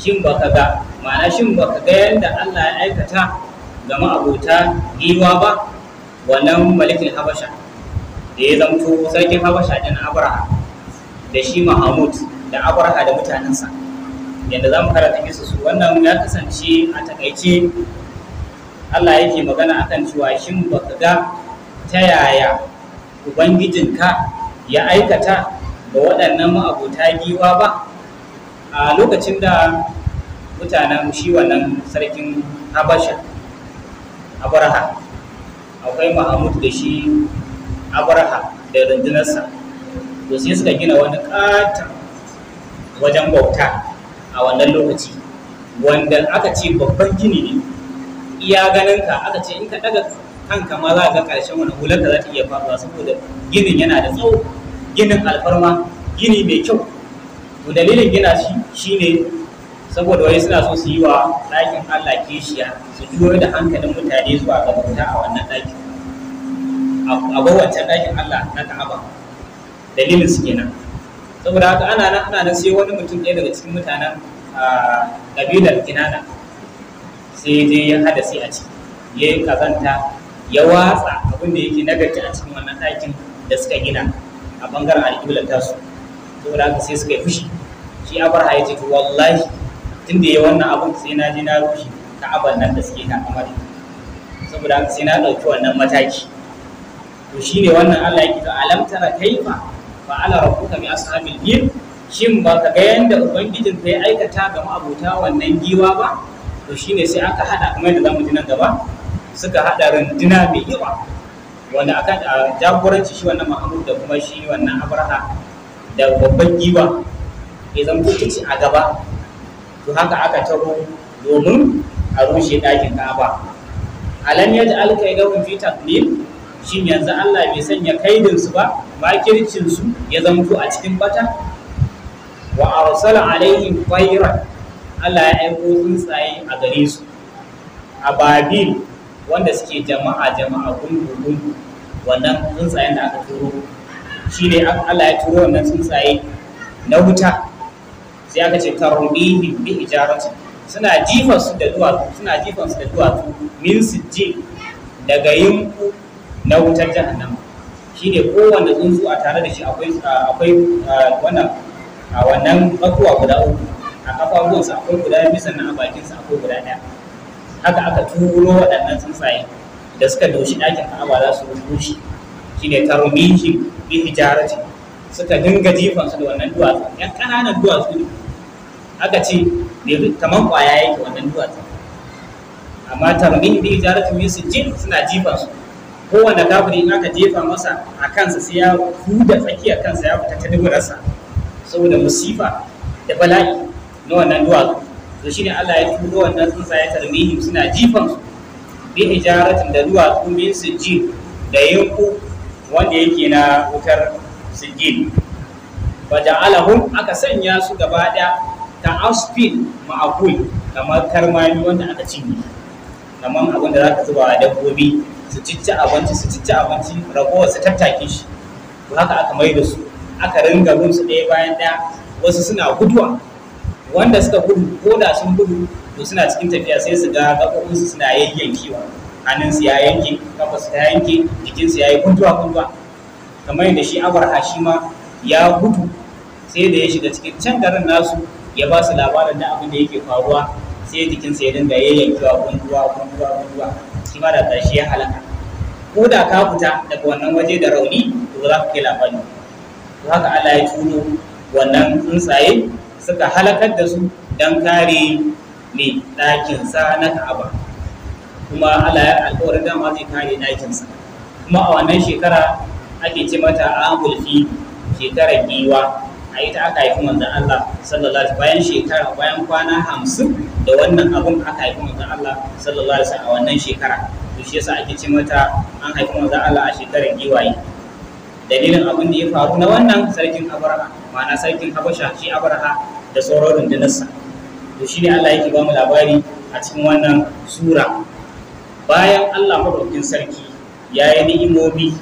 shin baka ga ma'ana shin baka ga yadda Allah ya aikata ga ma'abota giwa ba wannan malikin habasha da ya zamto sarkin habasha din abraha da shi mahamud da abraha da mutanensa yadda za mu karanta kisa su wannan ya kasance a takaice Allah yake magana akan cewa shin baka ga ta yaya ubangijinka ya aikata ga waɗannan ma'abota giwa ba a lokacin da mutanen shi wannan sarkin habasha abraha akwai mahamud da shi abraha da rundunarsa to sai suka gina wani ƙata wajen bauta a wannan lokaci wanda aka ce babban gini ne iya ganinka aka ce in ka ɗaga kanka ma za ka ga ƙarshen wani da za ta iya faɗuwa saboda ginin yana da tsawo ginin alfarma gini mai kyau to dalilin gina shi shine saboda wani suna so su yi wa ɗakin Allah kishiya su juyo da hankalin mutane zuwa ga bauta a wannan ɗakin a wancan ɗakin Allah na ta'aba dalilin su kenan saboda haka ana nan ana nan sai wani mutum ɗaya daga cikin mutanen ƙabilar Kinana sai je ya hada sai a ciki ya yi kazanta ya watsa abin da yake nagarta a cikin wannan ɗakin da suka gina a bangaren alƙiblar to saboda haka sai suka yi fushi shi abarha ya ce to wallahi tun da ya wannan abin sai na je na rushe ka'abar nan da suke kan amari saboda haka sai na ɗauki wannan mataki to shi ne wannan allah yake to alam tara kaifa fa ala rabbuka bi ashabil fil shin ba ka ga yanda ubangijin ka ya aikata ga abota wannan giwa ba to shine sai aka hada kamar yadda zamu ji nan gaba suka hada runduna mai yawa wanda akan jagoranci shi wannan mahamud da kuma shi wannan abraha da babban giwa ya zama hukunci a gaba to haka aka taro domin a rushe ɗakin ka'aba alam yaj alkaidahum fi taqlil shin yanzu Allah bai sanya kaidin su ba makircin su ya zamto a cikin bata wa arsala alaihim tayran Allah ya aiko tsuntsaye a gare su ababil wanda suke jama'a jama'a gungu gungu wannan tsuntsayen da aka turo shi ne Allah ya turo wannan tsuntsaye na wuta sai aka ce tarmihi bi ijarati suna jifan su da duwatsu suna jifa su da duwatsu min sijjin daga yinku na wutar jahannama shine kowanne tsuntsu a tare da shi akwai akwai wannan a wannan tsakuwa guda uku a kafafuwansa akwai guda biyu sannan a bakinsa akwai guda ɗaya haka aka turo waɗannan tsuntsaye da suka doshi ɗakin ka'aba za su rushe shi shine tarmihi bi hijarati suka dinga jifan su da wannan duwatsu yan ƙananan duwatsu ne aka ce kamar ƙwaya yake wannan duwatsu amma tarmihi bi hijarati su jin suna jifan su kowane kafiri in aka jefa masa a kansa sai ya huda tsakiyar kansa ya fita ta duburarsa saboda musifa da bala'i na wannan duwatsu to ne Allah ya turo wannan tsuntsaye tarmihim suna jifan su bi hijaratin da duwatsu min sijjin da yanku wanda yake na wutar sijjin wa ja'alahum aka sanya su gaba daya ta asfin ma'akul kamar karmami wanda aka cinye kamar abin da za ka zuba dabbobi su cicci abinci su cicci abinci su tattake shi to haka aka mai da su aka ringa bin su ɗaya bayan ɗaya wasu suna guduwa wanda suka gudu ko da sun gudu to suna cikin tafiya sai su ga gaɓoɓinsu suna yayyankewa hannunsu ya yanke kafarsu ta yanke jikinsu ya yi kuntuwa kuntuwa kamar yadda shi abarha shi ma ya gudu sai da ya shiga cikin can garin nasu ya ba su labarin da abin da yake faruwa sai jikinsa ya dinga yayyankewa kuntuwa kuntuwa kuntuwa shi ma da tashi ya halaka ko da ka fita daga wannan waje da rauni to za ka kai labari to haka Allah ya turo wannan tsuntsaye suka halakar da su don kare mai ɗakinsa na ka'aba kuma Allah ya alƙawarin dama zai kare ɗakinsa kuma a wannan shekara ake ce mata amul fi shekarar giwa a ita aka haifi manzon Allah sallallahu alaihi bayan shekara bayan kwana hamsin da wannan abun aka haifi manzon Allah sallallahu alaihi wasallam a wannan shekara to shi yasa ake ce mata an haifi manzon Allah a shekarar giwaye dalilin abin da ya faru na wannan sarkin abraha ma'ana sarkin habasha shi abraha da sauran rundunarsa to shi ne Allah yake ba mu labari a cikin wannan sura bayan Allah madaukakin sarki ya yi ni'imomi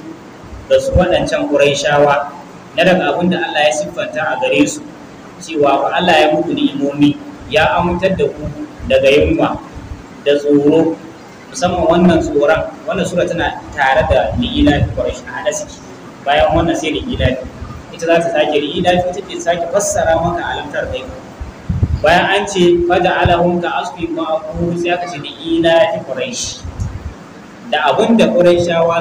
ga su waɗancan ƙuraishawa na daga abin da Allah ya siffanta a gare su cewa ba Allah ya muku ni'imomi ya amintar da ku daga yunwa da tsoro musamman wannan tsoron wannan sura tana tare da ni'ila da a hadasi bayan wannan sai ni'ila ita za ta sake da ita ce sake fassara maka alamtar kai bayan an ce fada alahun ka asfi ma'aku sai aka ce da ila fi quraish da abin da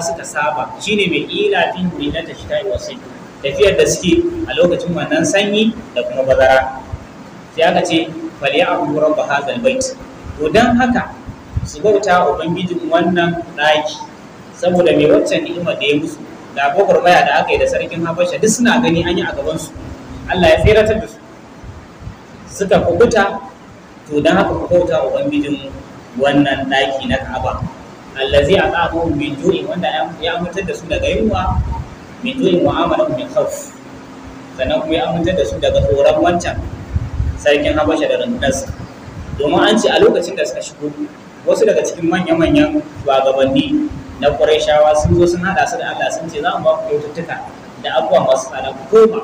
suka saba shine mai ila fi ta shitai wasu tafiyar da suke a lokacin wannan sanyi da kuma bazara sai aka ce faliya abu rabba hazal bait to dan haka su bauta ubangijin wannan ɗaki saboda mai wancan ni'imar da ya musu da maya da aka yi da sarkin habasha duk suna gani an yi a gabansu allah ya tseratar da su suka kubuta to don haka ku bauta ubangijin wannan ɗaki na ka'aba zai a ƙa'abu min ju'in wanda ya amintar da su daga yunwa min ju'in wa amalan min khawf sannan kuma ya amintar da su daga tsoron wancan sarkin habasha da rundunarsa domin an ce a lokacin da suka shigo wasu daga cikin manya-manyan shugabanni na Qurayshawa sun zo sun hada su da Allah sun ce za mu ba ku kyaututtuka da abubuwa masu tsada ku koma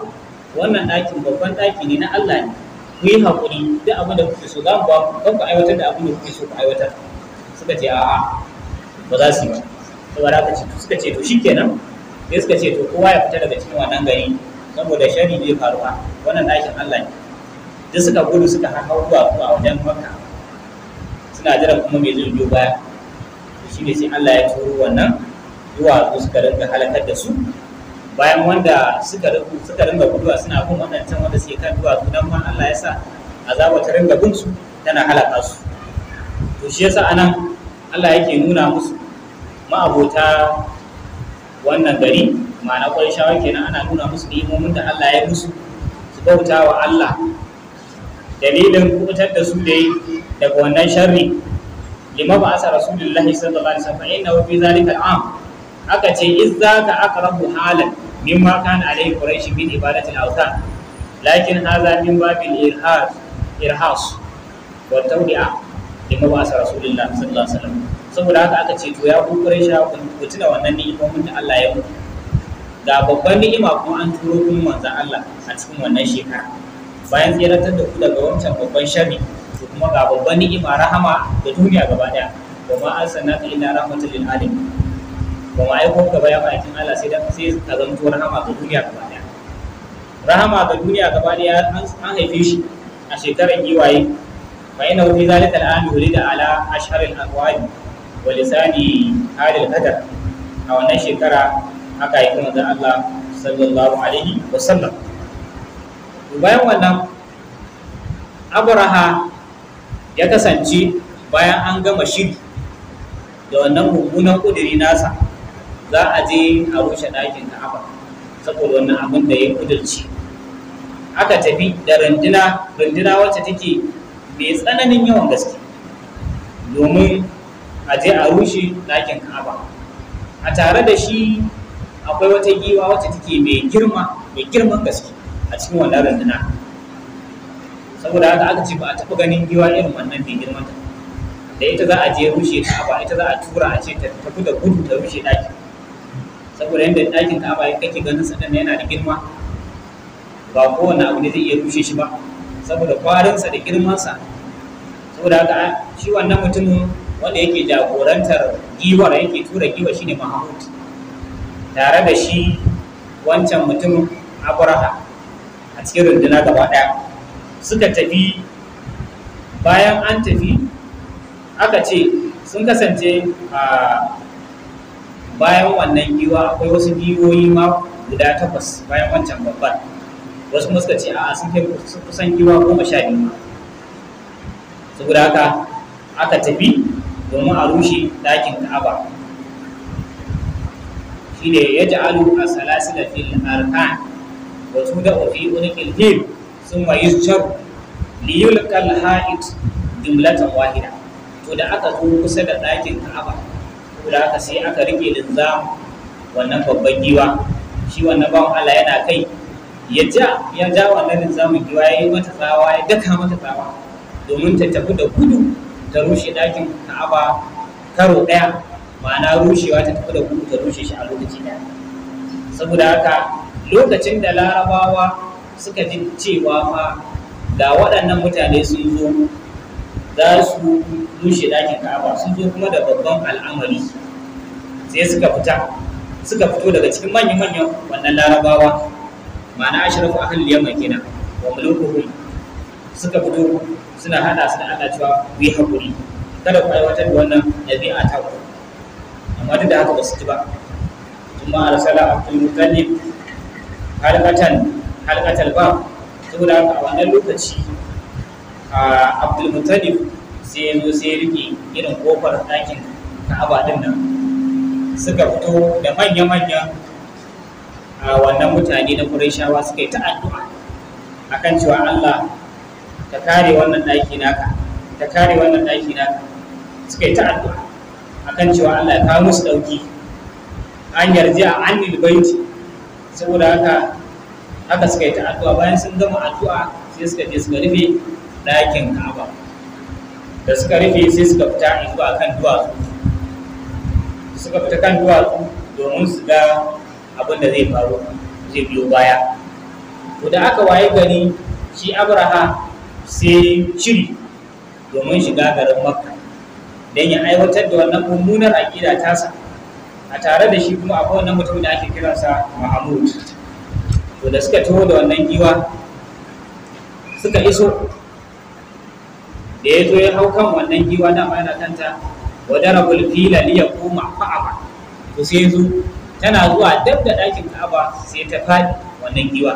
wannan ɗakin babban ɗaki ne na Allah ne ku yi haƙuri duk abin da kuke so za mu ba ku kan ku aiwatar da abin da kuke so ku aiwatar suka ce a'a ba za su yi ba saboda haka ce suka ce to shikenan sai suka ce to kowa ya fita daga cikin wannan gari saboda shari zai faruwa wannan ɗakin Allah ne duk suka gudu suka hau zuwa a wajen makka suna jiran kuma mai zai biyo baya shi ne sai Allah ya turo wannan duwatsu suka rinka halakar da su bayan wanda suka suka rinka guduwa suna bin can wanda suke kan duwatsu dan ma Allah ya sa azaba ta rinka bin su tana halaka su to shi yasa anan Allah yake nuna musu ma'abota wannan gari ma'ana shawa kenan ana nuna musu ni'imomin da Allah ya musu su bauta wa Allah dalilin kubutar da su da daga wannan sharri lima ba asa rasulullahi sallallahu alaihi wasallam inna fi zalika al'am aka ce izza ka aqrabu halan mimma kana alai quraish min ibadati al-awthan lakin hadha min babil irhas irhas wa tawdi'a lima ba asa rasulullahi sallallahu alaihi wasallam saboda haka aka ce to ya ku quraish ku tuna wannan ni'imomin da Allah ya muku ga babban ni'ima kuma an turo kun manzon Allah a cikin wannan shekara bayan tseratar da ku daga wancan babban shari'a to kuma ga babban ni'ima rahama da duniya gaba daya wa ma arsalnaka illa rahmatan lil alamin wa ma aiko ka bayan aikin Allah sai da sai ka zanto rahama ga duniya gaba daya rahama ga duniya gaba daya an haife shi a shekarar giwaye fa ina fi zalika al'ami wulida ala asharil aqwali wa lisani halil qadar a wannan shekara aka yi kuma da Allah sallallahu alaihi wa sallam bayan wannan abraha ya kasance bayan an gama shiri da wannan mummunan ƙudiri nasa za a je a rushe ɗakin haɓa saboda wannan abin da ya kudurci aka tafi da runduna runduna wacce take mai tsananin yawan gaske domin a je a rushe ɗakin ka'aba a tare da shi akwai wata giwa wacce take mai girma mai girman gaske a cikin wannan randuna saboda haka aka ce ba a taɓa ganin giwa irin wannan mai girma ta da ita za a je rushe ta ba ita za a tura a ce ta tafi da gudu ta rushe ɗaki saboda yadda ɗakin ta ba kake ganin sa yana da girma ba kowane abu ne zai iya rushe shi ba saboda kwarinsa da girmansa saboda haka shi wannan mutumin wanda yake jagorantar giwar yake tura giwa shine mahmud tare da shi wancan mutumin abraha a cikin rundunar gaba ɗaya suka tafi bayan an tafi aka ce sun kasance a bayan wannan giwa akwai wasu giwoyi ma guda takwas bayan wancan babban wasu kuma ce a sun kai kusan giwa goma sha biyu saboda haka aka tafi domin a rushe ɗakin ka'aba ne ya ji alu a salasila fil arkan wasu da ofi wani unikil ثم يجر ليلقى الحائط جملة واحدة to da aka zo kusa da ɗakin Ka'aba ko da aka sai aka rike linzam wannan babban giwa shi wannan bawan Allah yana kai ya ja ya ja wannan linzamin giwa ya yi mata tsawa ya daka mata tsawa domin ta tafi da gudu ta rushe ɗakin Ka'aba karo ɗaya ma'ana rushewa ta tafi da gudu ta rushe shi a lokaci ɗaya saboda haka lokacin da larabawa suka ji cewa fa da waɗannan mutane sun zo za su rushe ɗakin ka'aba sun zo kuma da babban al'amari sai suka fita suka fito daga cikin manyan manyan wannan larabawa ma'ana a kan liyaman kenan wa mulukuhum suka fito suna hada suna hada cewa ku yi haƙuri kada ku aiwatar da wannan ɗabi'a ta ku amma duk da haka ba su ji ba kuma arsala abdul mutallib harkatan halqatal ba saboda a wannan lokaci Abdul Muttalib sai zo sai rike irin kofar ɗakin Ka'aba din nan suka fito da manya-manyan wannan mutane na Qurayshawa suka yi ta addu'a akan cewa Allah ta kare wannan ɗaki naka ka kare wannan ɗaki naka suka yi ta addu'a akan cewa Allah ya kawo musu ɗauki an yarda a annil baiti saboda haka haka suka yi ta addu'a bayan sun gama addu'a sai suka je suka rufe ɗakin ka'aba da suka rufe sai suka fita zuwa kan duwatsu suka fita kan duwatsu domin su ga abin da zai faru zai biyo baya to da aka waye gari shi abraha sai shiri domin shiga garin makka don ya aiwatar da wannan mummunar aƙida tasa a tare da shi kuma akwai wannan mutum da ake kiransa Mahmud to da suka taho da wannan giwa suka iso da ya zo ya hau kan wannan giwa da ma yana kanta wadda rabul fila liya kuma fa'aba to sai zo tana zuwa dab da ɗakin Ka'aba sai ta faɗi wannan giwa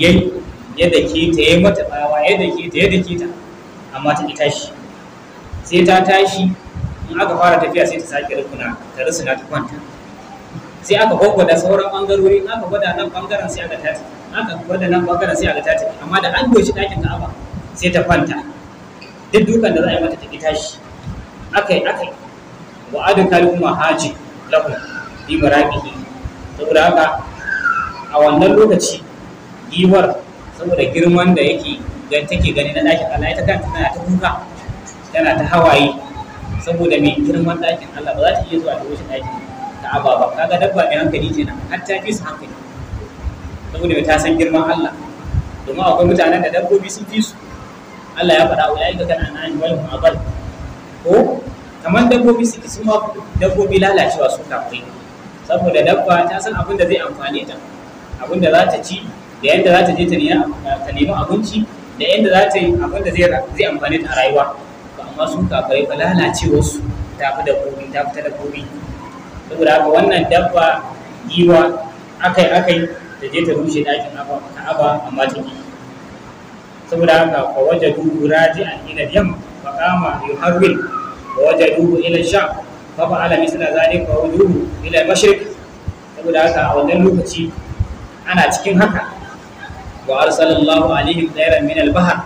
yayi yadda ke ta yi mata bayawa yadda ke ta yadda ke ta amma ta ki tashi sai ta tashi in aka fara tafiya sai ta sake rukuna ta rusuna ta kwanta sai aka gwaggwada sauran bangarori aka gwada nan bangaren sai aka tace aka gwada nan bangaren sai aka tace amma da an doshi ɗakin aba sai ta kwanta duk dukan da za a yi mata ta tashi akai akai wa adun kuma haji lahu bi Maraƙi. saboda haka a wannan lokaci giwar saboda girman da yake gan take gani na ɗakin Allah ita kanta tana ta kuka tana ta hawaye saboda mai girman ɗakin Allah ba za ta iya zuwa ta wuce ɗakin ababa kaga dabba mai hankali kenan har ta fi su hankali saboda ta san girman Allah domin akwai mutanen da dabbobi sun fi su Allah ya faɗa wa ga kana nan wal abal ko kamar dabbobi suke kisu ma dabbobi lalacewa su kafai saboda dabba ta san abin da zai amfane ta abin da za ta ci da yadda za ta je ta nemi abinci da yadda za ta yi abin da zai amfane ta a rayuwa ba amma su kafai ba lalacewarsu ta fi dabbobi ta fi ta dabbobi saboda haka wannan dabba giwa akai akai da je ta rushe ɗakin aba, amma ta ki saboda haka fa wajadu raji'an ila yam fa qama yuharwil wa wajadu ila sham fa fa'ala misla zalika wa wajadu ila mashriq saboda haka a wannan lokaci ana cikin haka wa arsalallahu alaihim dairan min al-bahr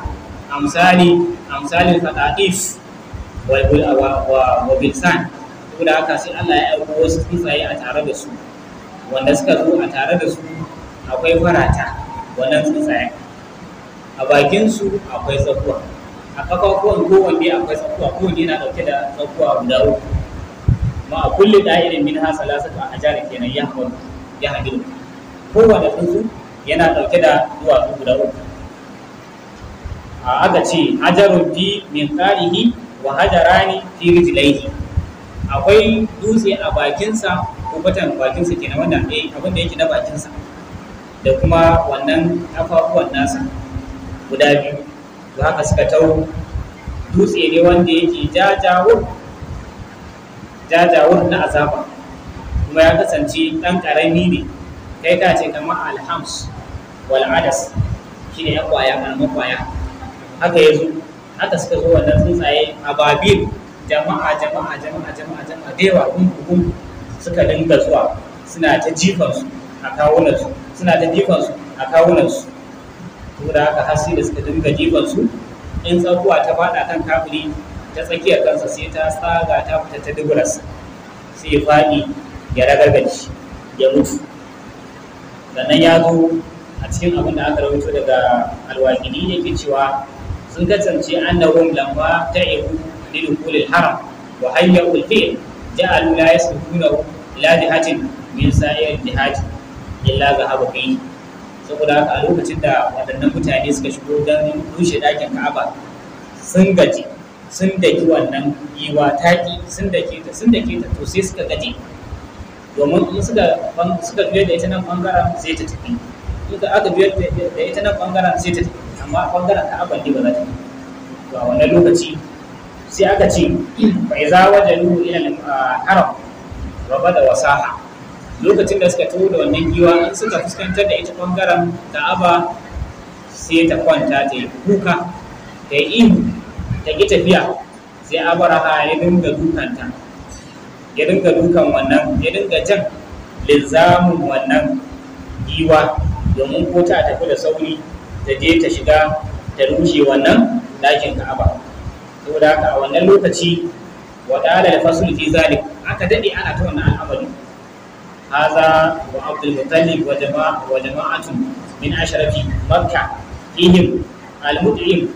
amsali amsalil fadaif wa wa wa bilsan ko da haka sai Allah ya aiko wasu tsuntsaye a tare da su wanda suka zo a tare da su akwai farata wannan tsuntsayen a bakinsu akwai tsakuwa a kafafuwan kowanne akwai tsakuwa kowanne yana ɗauke da tsakuwa guda uku ma a kulle da'irin min ha ba a jari kenan ya hawa ya da kowane tsuntsu yana ɗauke da duwatsu guda uku a aka ce hajarun fi min qarihi wa hajarani fi rijlaihi akwai dutse a bakinsa ko batan bakinsa kenan wannan eh abin da yake na bakinsa da kuma wannan kafafuwan nasa guda biyu to haka suka tau dutse ne wanda yake jajawur jajawur na azaba kuma ya kasance ɗan ƙarami ne kai ka ce kamar alhams wal adas shine ya kwaya ƙaramin kwaya haka ya zo haka suka zo wannan tsuntsaye a babir. jama'a jama'a jama'a jama'a jama'a da yawa gungu suka dinga zuwa suna ta jifansu a kawunansu suna ta jifansu a kawunansu to da haka har sai da suka dinga jifansu in tsakuwa ta faɗa kan kafiri ta tsakiyar kansa sai ta tsaga ta fita ta duburarsa sai ya faɗi ya ragargaci ya mutu sannan ya zo a cikin abin da aka rawaito daga alwakili yake cewa sun kasance lamba ta ta'ibu لدخول الحرم وهيئوا الفيل جعلوا لا يسبقونه إلى جهة من سائر الجهات الا ذهب فيه saboda haka a lokacin da waɗannan mutane suka shigo don rushe ɗakin ka'aba sun gaji sun daki wannan yiwa taƙi sun dake ta sun dake ta to sai suka gaji domin in suka suka biyar da ita nan ɓangaren sai ta tafi in aka biyar da ita nan ɓangaren sai ta tafi amma ɓangaren ka'aba ne ba za ta tafi to a wannan lokaci sai aka ce bai za nuhu ila haram raba da wasaha lokacin da suka tuhu da wannan giwa in suka fuskantar da ita bangaren ka'aba sai ta kwanta ta yi kuka ta yi in ta yi tafiya sai abraha ya dinga dukanta ya dinga dukan wannan ya dinga jan linzamin wannan giwa domin ko ta tafi da sauri ta je ta shiga ta rushe wannan ɗakin ka'aba saboda haka a wannan lokaci wa ta'ala da fasul fi zalik aka dade ana ta wannan al'amari haza wa abdul muttalib wa jama'a wa jama'atu min ashrafi makka ihim al-mut'im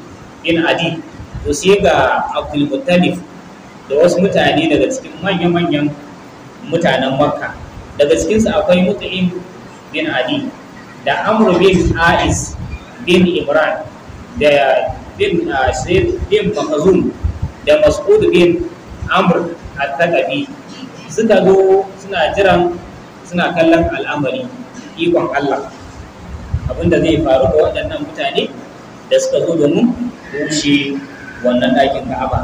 bin adi to sai ga abdul muttalib da wasu mutane daga cikin manya-manyan mutanen makka daga cikinsu akwai mut'im bin adi da amru bin a'is bin imran da bin ah, sayyid bin makazum da mas'ud bin amr at-taqabi suka zo suna jiran suna kallon al'amari ikon Allah abinda zai faru da waɗannan mutane da suka zo domin rushe wannan ɗakin Ka'aba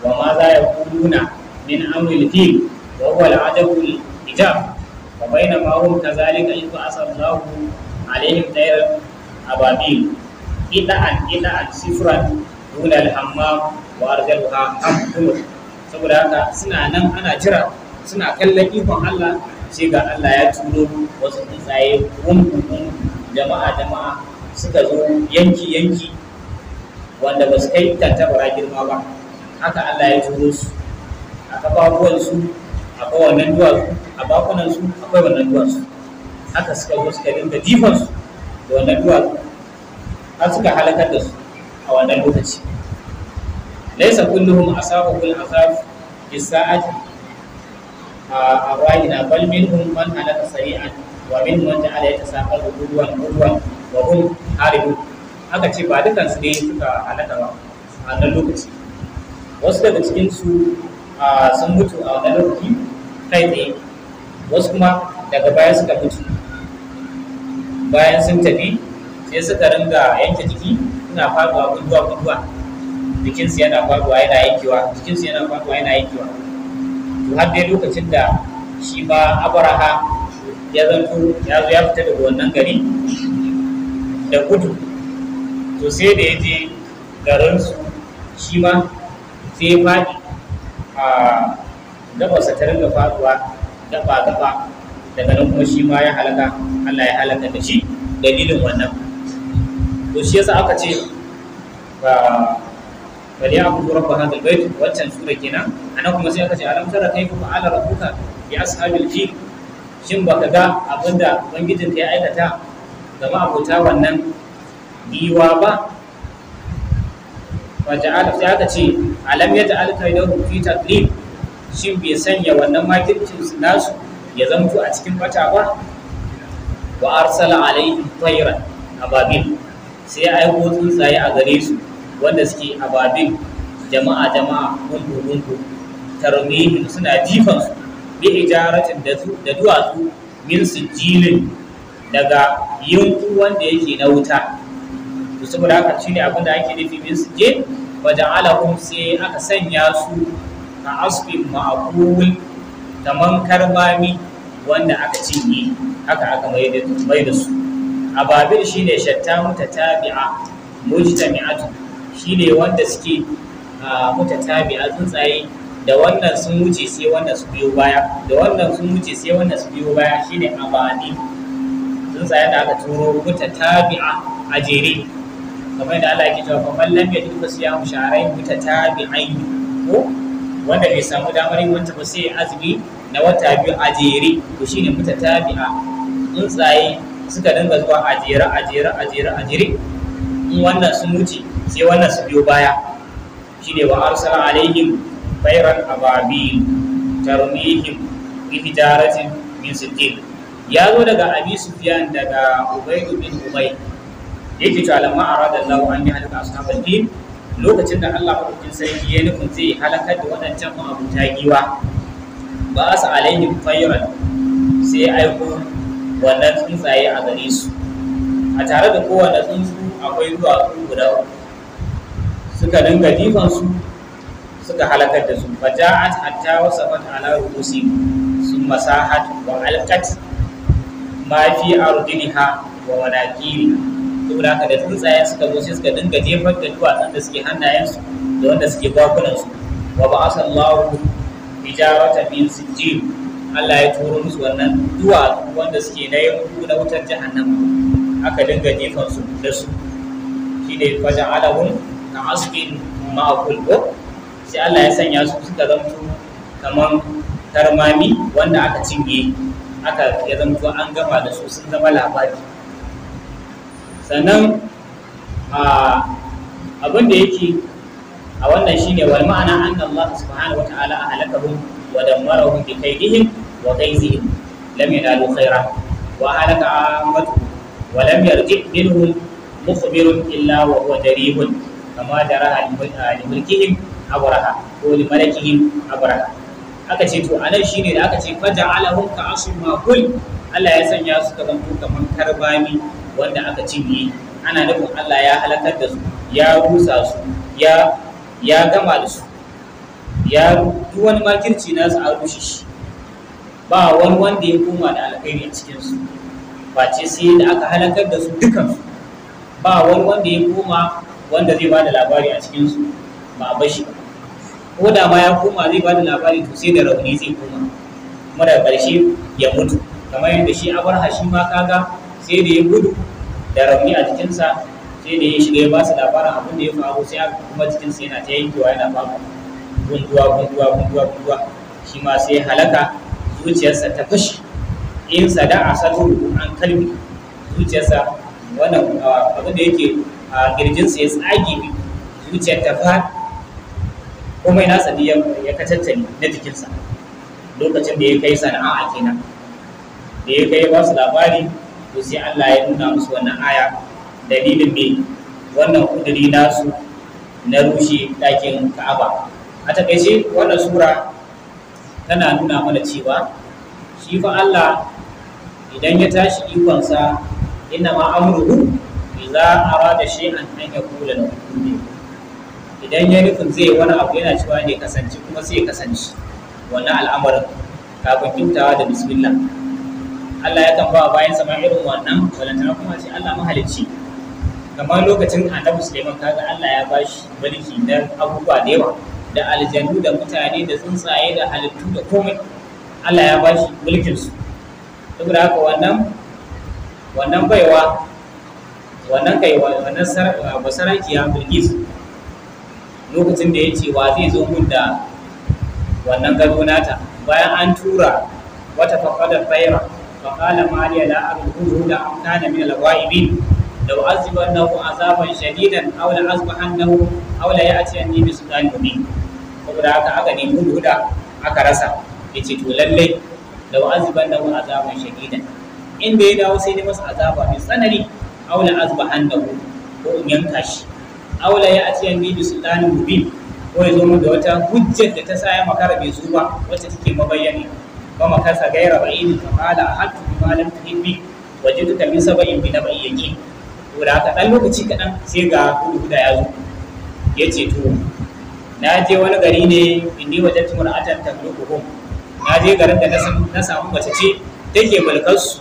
wa ma za ya kuluna min amril fil wa huwa al-ajabul ijab wa bainama hum kazalika idh asallahu alaihim tayran ababil qita'an an sifra duna al-hammam wa arjaluha amrun saboda haka suna nan ana jira suna kallon ikon Allah sai ga Allah ya turo wasu tsaye gungun jama'a jama'a suka zo yanki yanki wanda ba su kai tantabara girma ba haka Allah ya turo su a kafafuwan su akwai wannan duwatsu a bakunan su akwai wannan duwatsu haka suka zo suka dinga jifan su da wannan duwatsu har suka halakar da su a wannan lokaci laisa kulluhum asabu kul azab isaati a wa'ina bal minhum man halaka sari'an wa minhum man ja'ala yatasaqal ruwan ruwan wa hum haribun aka ce ba dukan su ne suka halaka ba a wannan lokaci wasu daga cikin su sun mutu a wannan lokaci kai tsaye wasu kuma daga baya suka mutu bayan sun tafi sai suka ringa yanke jiki suna faduwa guduwa guduwa jikinsu yana faduwa yana yankewa jikinsu yana faduwa yana yankewa to har dai lokacin da shi ba abraha ya zanto ya zo ya fita daga wannan gari da gudu to sai da ya je garinsu shi ma sai ya faɗi a dabarsa ta ringa faduwa gaba gaba daga nan kuma shi ma ya halaka Allah ya halaka da shi dalilin wannan to shi yasa aka ce ba bari abu kudu rabba hadal bait waccan sura kenan anan kuma sai aka ce alam tara kayfa fa'ala rabbuka bi ashabil fil shin baka ga abinda ubangijin ka ya aikata ga abota wannan giwa ba wa ja'ala sai aka ce alam yaj'al kaydahu fi tadlil shin bai sanya wannan makircin nasu ya zamto a cikin bata ba wa arsala alaihim tayran ababil sai aiko tsuntsaye a gare su wanda suke ababin jama'a jama'a gungu gungu suna jifan su bi ijaratin da duwatsu min su jilin daga yinku wanda yake na wuta to saboda haka shine abin da ake nufi min su je wajen alahum sai aka sanya su a asbi ma'qul kaman karbami wanda aka cinye haka aka mai da su ababil shine shatta mutatabi'a mujtami'atu shine wanda suke mutatabi'a tsuntsaye da wannan sun wuce sai wannan su biyo baya da wannan sun wuce sai wannan su biyo baya shine abadi tsuntsaye da aka turo mutatabi'a a jere kamar da Allah ya cewa kamar lam ya fa siyam shahrayn mutatabi'ain ko wanda bai samu damar yin wata ba sai azumi na wata biyu a jere to shine mutatabi'a tsuntsaye suka dinga zuwa a jere a jere a in wannan sun wuce sai wannan su biyo baya shine wa arsala alaihim bayran ababil tarmihim bi hijaratin min sittin ya zo daga abi sufyan daga ubayd bin ubay yake cewa alama arada Allah an yi ashabal din lokacin da Allah madaukakin sarki ya nufin zai halakar da waɗancan ma'abuta giwa ba su alaihim fayran sai aiko wannan tsuntsaye a gare su a tare da kowane tsuntsu akwai duwatsu guda suka dinga jifan su suka halakar da su faja'at hatta wasafat ala ru'usi sun masahat wa alqat ma fi ardiha wa manakiri da haka da tsuntsaye suka zo sai suka dinga jefar da duwatsun da suke hannayensu da wanda suke bakunan su wa ba'asallahu bijawata min sijil Allah ya turo musu wannan duwatsu wanda suke na yanku na wutar jahannama aka dinga jefan su da su ne fajan alahun na askin ma'akul ko sai Allah ya sanya su suka zamto kamar tarmami wanda aka cinye aka ya zamto an gama da su sun zama labari sannan abin da yake a wannan shine wal ma'ana anna Allah subhanahu wata'ala ahlakahum wa dammarahum bi kaydihim وغيظهم لم ينالوا خيرا وهلك عامته ولم يرجع منهم مخبر إلا وهو جريب كما جرى لملكهم أبرهة ولملكهم أبرهة aka ce to anan shine da aka ce faja alahum ka asim maqul Allah ya sanya su kaman kamar karbami wanda aka cinye ana nufin Allah ya halakar da su ya rusa su ya ya gama da su ya duk wani makirci nasu a rushe shi ba wani wanda ya koma da alkhairi a cikinsu ce sai da aka halakar da su dukansu ba wani wanda ya koma wanda zai ba da labari a cikinsu ba a bashi ko da ma ya koma zai ba da labari to sai da rauni zai koma kuma daga ƙarshe ya mutu kamar yadda shi abarha shi ma kaga sai da ya gudu da rauni a jikinsa sai da ya shiga ya ba su labarin abin da ya faru sai aka kuma jikinsa yana ta yankewa yana fama gunduwa gunduwa gunduwa gunduwa shi ma sai halaka zuciyarsa ta fashi in sada'a sadru an kalbi zuciyarsa wannan abu da yake a girjinsa ya tsage zuciyar ta fa kuma yana sadi ya katattali na jikinsa lokacin da ya kai sana'a a kenan da ya kai ba su labari to sai Allah ya nuna musu wannan aya dalilin me wannan kudiri nasu na rushe ɗakin Ka'aba a takaice wannan sura tana nuna mana cewa shi fa Allah idan ya tashi ikonsa inna ma amruhu idza arada shay'an an yaqula lahu kun idan ya nufin zai wani abu yana cewa ne kasance kuma sai kasance wannan al'amarin kafin kintawa da bismillah Allah ya kan ba bayan sama irin wannan walantana kuma ce Allah mahalicci kamar lokacin annabi Sulaiman kaga Allah ya bashi mulki dan abubuwa da yawa da aljanu da mutane da tsuntsaye da halittu da komai Allah ya bashi mulkin su saboda haka wannan wannan baiwa wannan kai wannan basaraki ya bilgis lokacin da ya ce wa zai zo mun da wannan gado nata bayan an tura wata faƙadar tsaira faƙala mariya la arzuhu da amtana min al-ghaibin لو عذبنه عذابا شديدا او لعذبنه او لياتيني بسلطان مبين saboda haka aka nemi huda aka rasa ya ce to lallai da wa'aziban da azaban shadidan Inda ya dawo sai dai masa azaba mai tsanani aula azba hannahu ko in yanka shi aula ya atiya ni bi sultanin mubin ko ya zo da wata hujjar da ta saya ya makara bai zuwa wacce take mabayyani ba makasa gaira ba'idin kamala hatta malam wajidu wajidta min sab'in bi na ko da haka dan lokaci kadan sai ga hudu da ya zo ya ce to na je wani gari ne inni wajen tumur atan tamlukuhum na je garin da na samu mace ce take mulkar su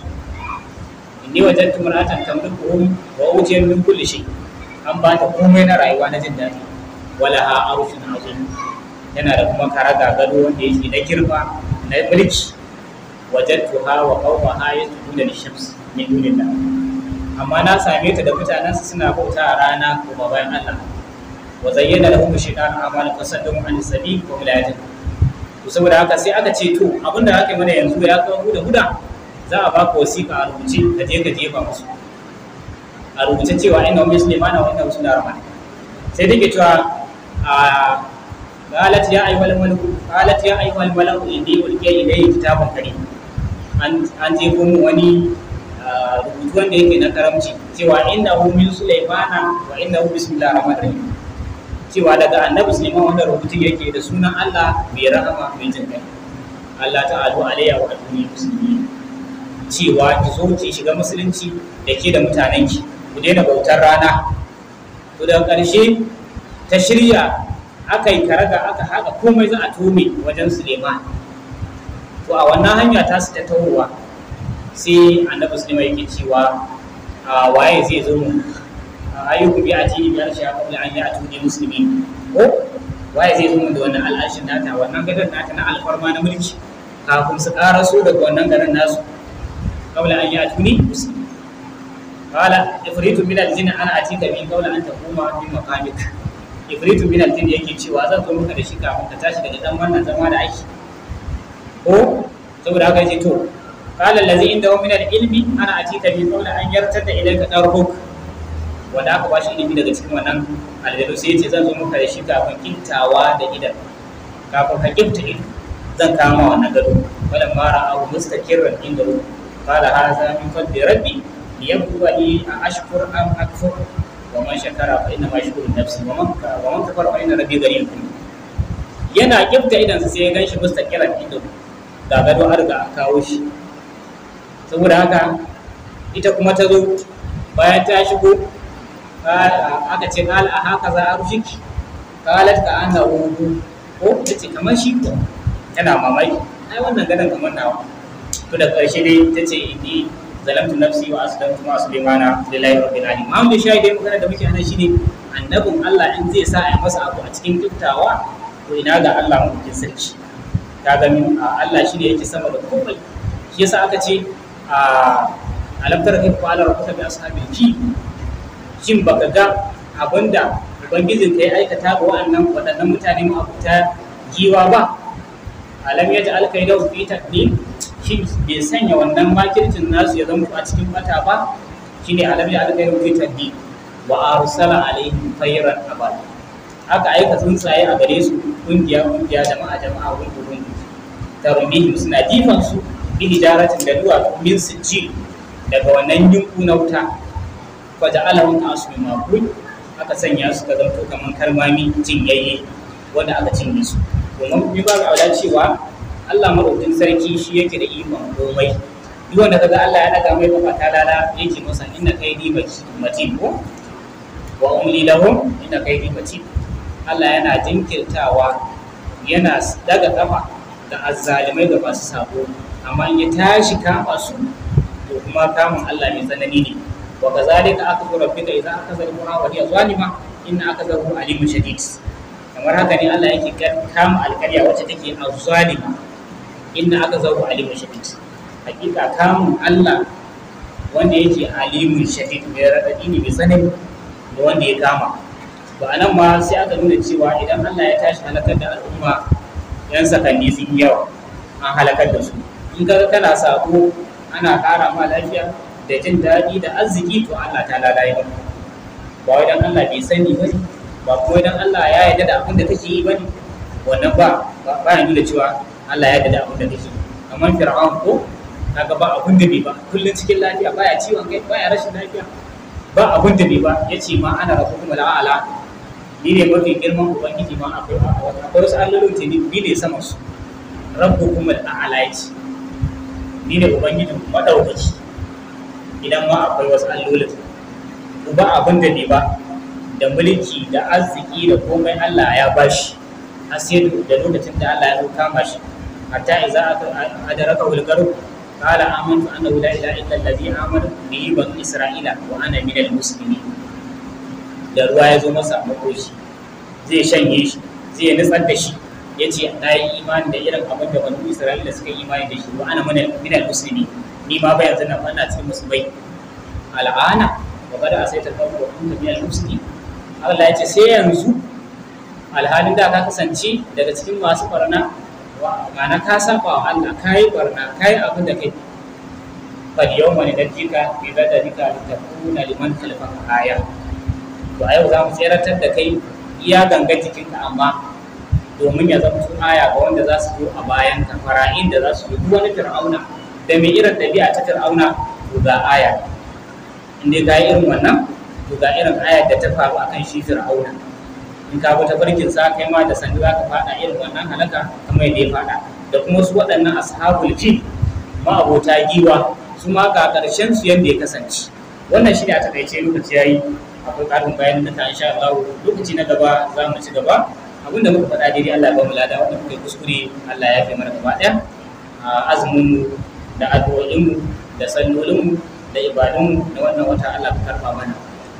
inni wajen tumur atan tamlukuhum wa wuce min kulli shi an ba ta komai na rayuwa na jin daɗi wala ha arufin azim yana da kuma karaga gado wanda yake na girma na mulki wajen tuha wa kauma ha ya tudu da shams min dunillah amma na same ta da mutanensu suna bauta rana kuma bayan Allah وزين لهم الشيطان أعمالهم فصدهم عن السبيل وهم لا يهتدون to saboda haka sai aka ce to abinda ake mana yanzu ya kawo huda huda za a baka wasiƙa a rubuce ka je ka jefa musu a rubuce cewa inna ummi sulaimana wa inna usna rahman sai take cewa a qalat ya ayyuhal malaku qalat ya ayyuhal malaku indi ulqiya ilayya kitabun karim an an jefo mu wani rubutu wanda yake na karamci cewa inna ummi sulaimana wa inna bismillahir rahmanir rahim cewa daga annabi Sulaiman wanda rubutun yake da sunan Allah mai rahama mai jin kai Allah ta'ala alayya wa alayhi musulmi cewa ki zo ki shiga musulunci da ke da mutanen ki. ku daina bautar rana to daga ƙarshe ta shirya aka yi karaga aka haka komai za a tome wajen Suleiman to a wannan hanya ta su ta tahowa sai annabi Suleiman yake cewa waye zai zo mu ayyuku bi atini bi arshi qabla an yi ya'tuni musulmi. ko waye zai zo da wannan al'ashin nata wannan gadan nata na alfarma na mulki kafin su karaso daga wannan garin nasu Kawai an ya'tuni muslimin qala ifritu min al-jinn ana atika bi qawla an taquma bi maqamik ifritu min al-jinn yake cewa zan zo muka da shi kafin ka tashi daga dan wannan zama da aiki. ko saboda haka yace to qala allazi indahu min al-ilmi ana atika bi qawla an yartar da yartada ilayka darbuk wanda aka bashi ilimi daga cikin wannan aljanu sai ce zan zo muka da shi kafin kintawa da idan kafin ka kinta ido zan kama wannan gado wannan mara abu mustakirran inda ru qala hadha min fadli rabbi kuwa li a ashkur an akfur wa man shakara fa inna ma yashkuru nafsi wa man wa man kafara fa inna rabbi ghaniyun yana kinta idan sai ya ganshi mustakirran inda ru ga gado an riga an kawo shi saboda haka ita kuma ta zo bayan ta shigo aka ce kala a haka za a rufik kalat ka an hudu ko ta ce kamar shi ko tana mamaki ai wannan gadon kamar nawa to da ƙarshe dai ta ce inni zalamtu nafsi wa aslamtu ma sulaimana lillahi rabbil alamin ma mu shaide magana da muke anan shine annabin Allah in zai sa ai masa abu a cikin kiftawa to ina ga Allah mu cikin sarki ta ga min Allah shine yake sama da komai shi yasa aka ce a alamtar kai ko ala rabbuka bi ashabil fi shin baka ga abin da ubangijin ta ya aikata ba wa'annan waɗannan mutane mu abuta giwa ba alam ya ja'al kaidahu fi taqdim shi bai sanya wannan makircin nasu ya zama a cikin bata ba ne alam ya ja'al kaidahu fi taɗi wa a rusala alaihim fayyarar abad haka aika tsuntsaye a gare su ƙungiya ƙungiya jama'a jama'a wurin gungu tarmihim suna jifan su bi da duwatsu min sijil daga wannan yunku na wuta faja'alahum asmi maqul aka sanya su ka zanto kaman kalmami cinyayye wanda aka cinye su domin bi ba ga aula cewa Allah madaukakin sarki shi yake da iman komai duk wanda kaga Allah ya daga mai kafa ta lala yake masa inna kaidi matin ko wa umli lahum inna kaidi matin Allah yana jinkirtawa yana daga kafa da azzalimai da masu sabo amma in ya tashi kama su to kuma kamun Allah mai tsanani ne wa kazalika akhdhu rabbika idza akhadha al-qura wa hiya zalima inna akhadhahu alimun shadid kamar haka ne Allah yake kama alƙarya wacce take az-zalima inna akhadhahu alimun shadid hakika kamun Allah wanda yake alimun shadid mai radadi ne mai tsanani da wanda ya kama to anan ma sai aka nuna cewa idan Allah ya tashi halakar da al'umma yan sakanni sun yawa an halakar da su in ka kana sako ana ƙara ma lafiya da jin daɗi da arziki to Allah ta lalaye ba ba wai dan Allah bai sani ba ba kuma dan Allah ya yarda da abin da kake yi ba ne wannan ba ba ya nuna cewa Allah ya yarda da abin da kake yi kamar fir'aun ko kaga ba abin da bai ba kullun cikin lafiya baya ciwon kai baya rashin lafiya ba abin da bai ba yace ma ana rabbukum al'ala ni ne mafi girman ubangiji ma akwai akwai wasu allolin ce ni ne sama su rabbukum al'ala yace ni ne ubangiji madaukaki idan ma akwai wasu allolin uba abin da ne ba da mulki da arziki da komai Allah ya bashi har sai da lokacin da Allah ya zo kama shi hatta idza adraka al-garb qala amantu annahu la ilaha illa allazi amana bihi banu isra'ila wa ana min al-muslimin da ruwa ya zo masa a makoshi zai shanye shi zai nutsar da shi ya ce na yi imani da irin abin da banu isra'ila suka yi imani da shi wa ana min al-muslimin ni ma ba yanzu na ana ce musu bai al'ana wa da sai ta kun tafi al-musli Allah ya ce sai yanzu alhalin da ka kasance daga cikin masu barna ma'ana ka saba wa Allah ka yi barna kai abin da kai fal da nadjika bi badalika kuna liman kalfa aya to ayo yau za mu tseratar da kai iya jikin jikinka amma domin ya zama aya ga wanda za su zo a bayan ka fara'in da za su yi wani fir'auna da mai irin ɗabi'a ta fir'auna to ga aya inda ga irin wannan to ga irin aya da ta faru akan shi fir'auna in ka bi tafarkin sa kai ma da sanduwa ka faɗa. irin wannan halaka kamar yadda ya fada da kuma su waɗannan ashabul ma abota giwa su ma ga ƙarshen su yadda ya kasance wannan shi ne a takaice lokaci yayi akwai ƙarin bayan da ta insha Allah lokaci na gaba za mu ci gaba Abin da muka faɗa daidai Allah ya ba mu lada wanda muka kuskure Allah ya fi mana gaba ɗaya azumin mu da addu'o'inmu da sallolinmu da ibadunmu da wannan wata Allah ka karfa mana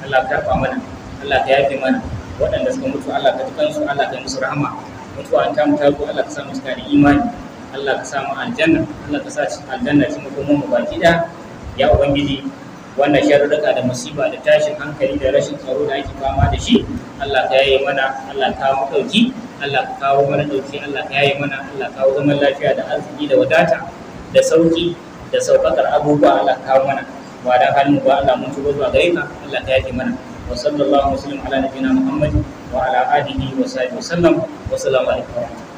Allah ka karfa mana Allah ka yafe mana waɗanda suka mutu Allah ka tukan su Allah ka musu rahama mutuwa an ta mutu Allah ka sa musu kare imani Allah ka sa mu aljanna Allah ka sa aljanna cikin hukumar mu baki da ya ubangiji wannan sharurruka da musiba da tashin hankali da rashin tsaro da ake fama da shi Allah ka yaye mana Allah ka kawo ɗauki. Allah ka kawo mana dauki Allah ka yaye mana Allah ka kawo zaman lafiya da arziki da wadata da sauki da saukakar abubuwa Allah kawo mana ba da halin ba Allah mun tuba zuwa gare ka Allah ta yafe mana wa sallallahu alaihi wa sallam ala nabiyina Muhammad wa ala alihi wa sahbihi wa sallam wa assalamu alaikum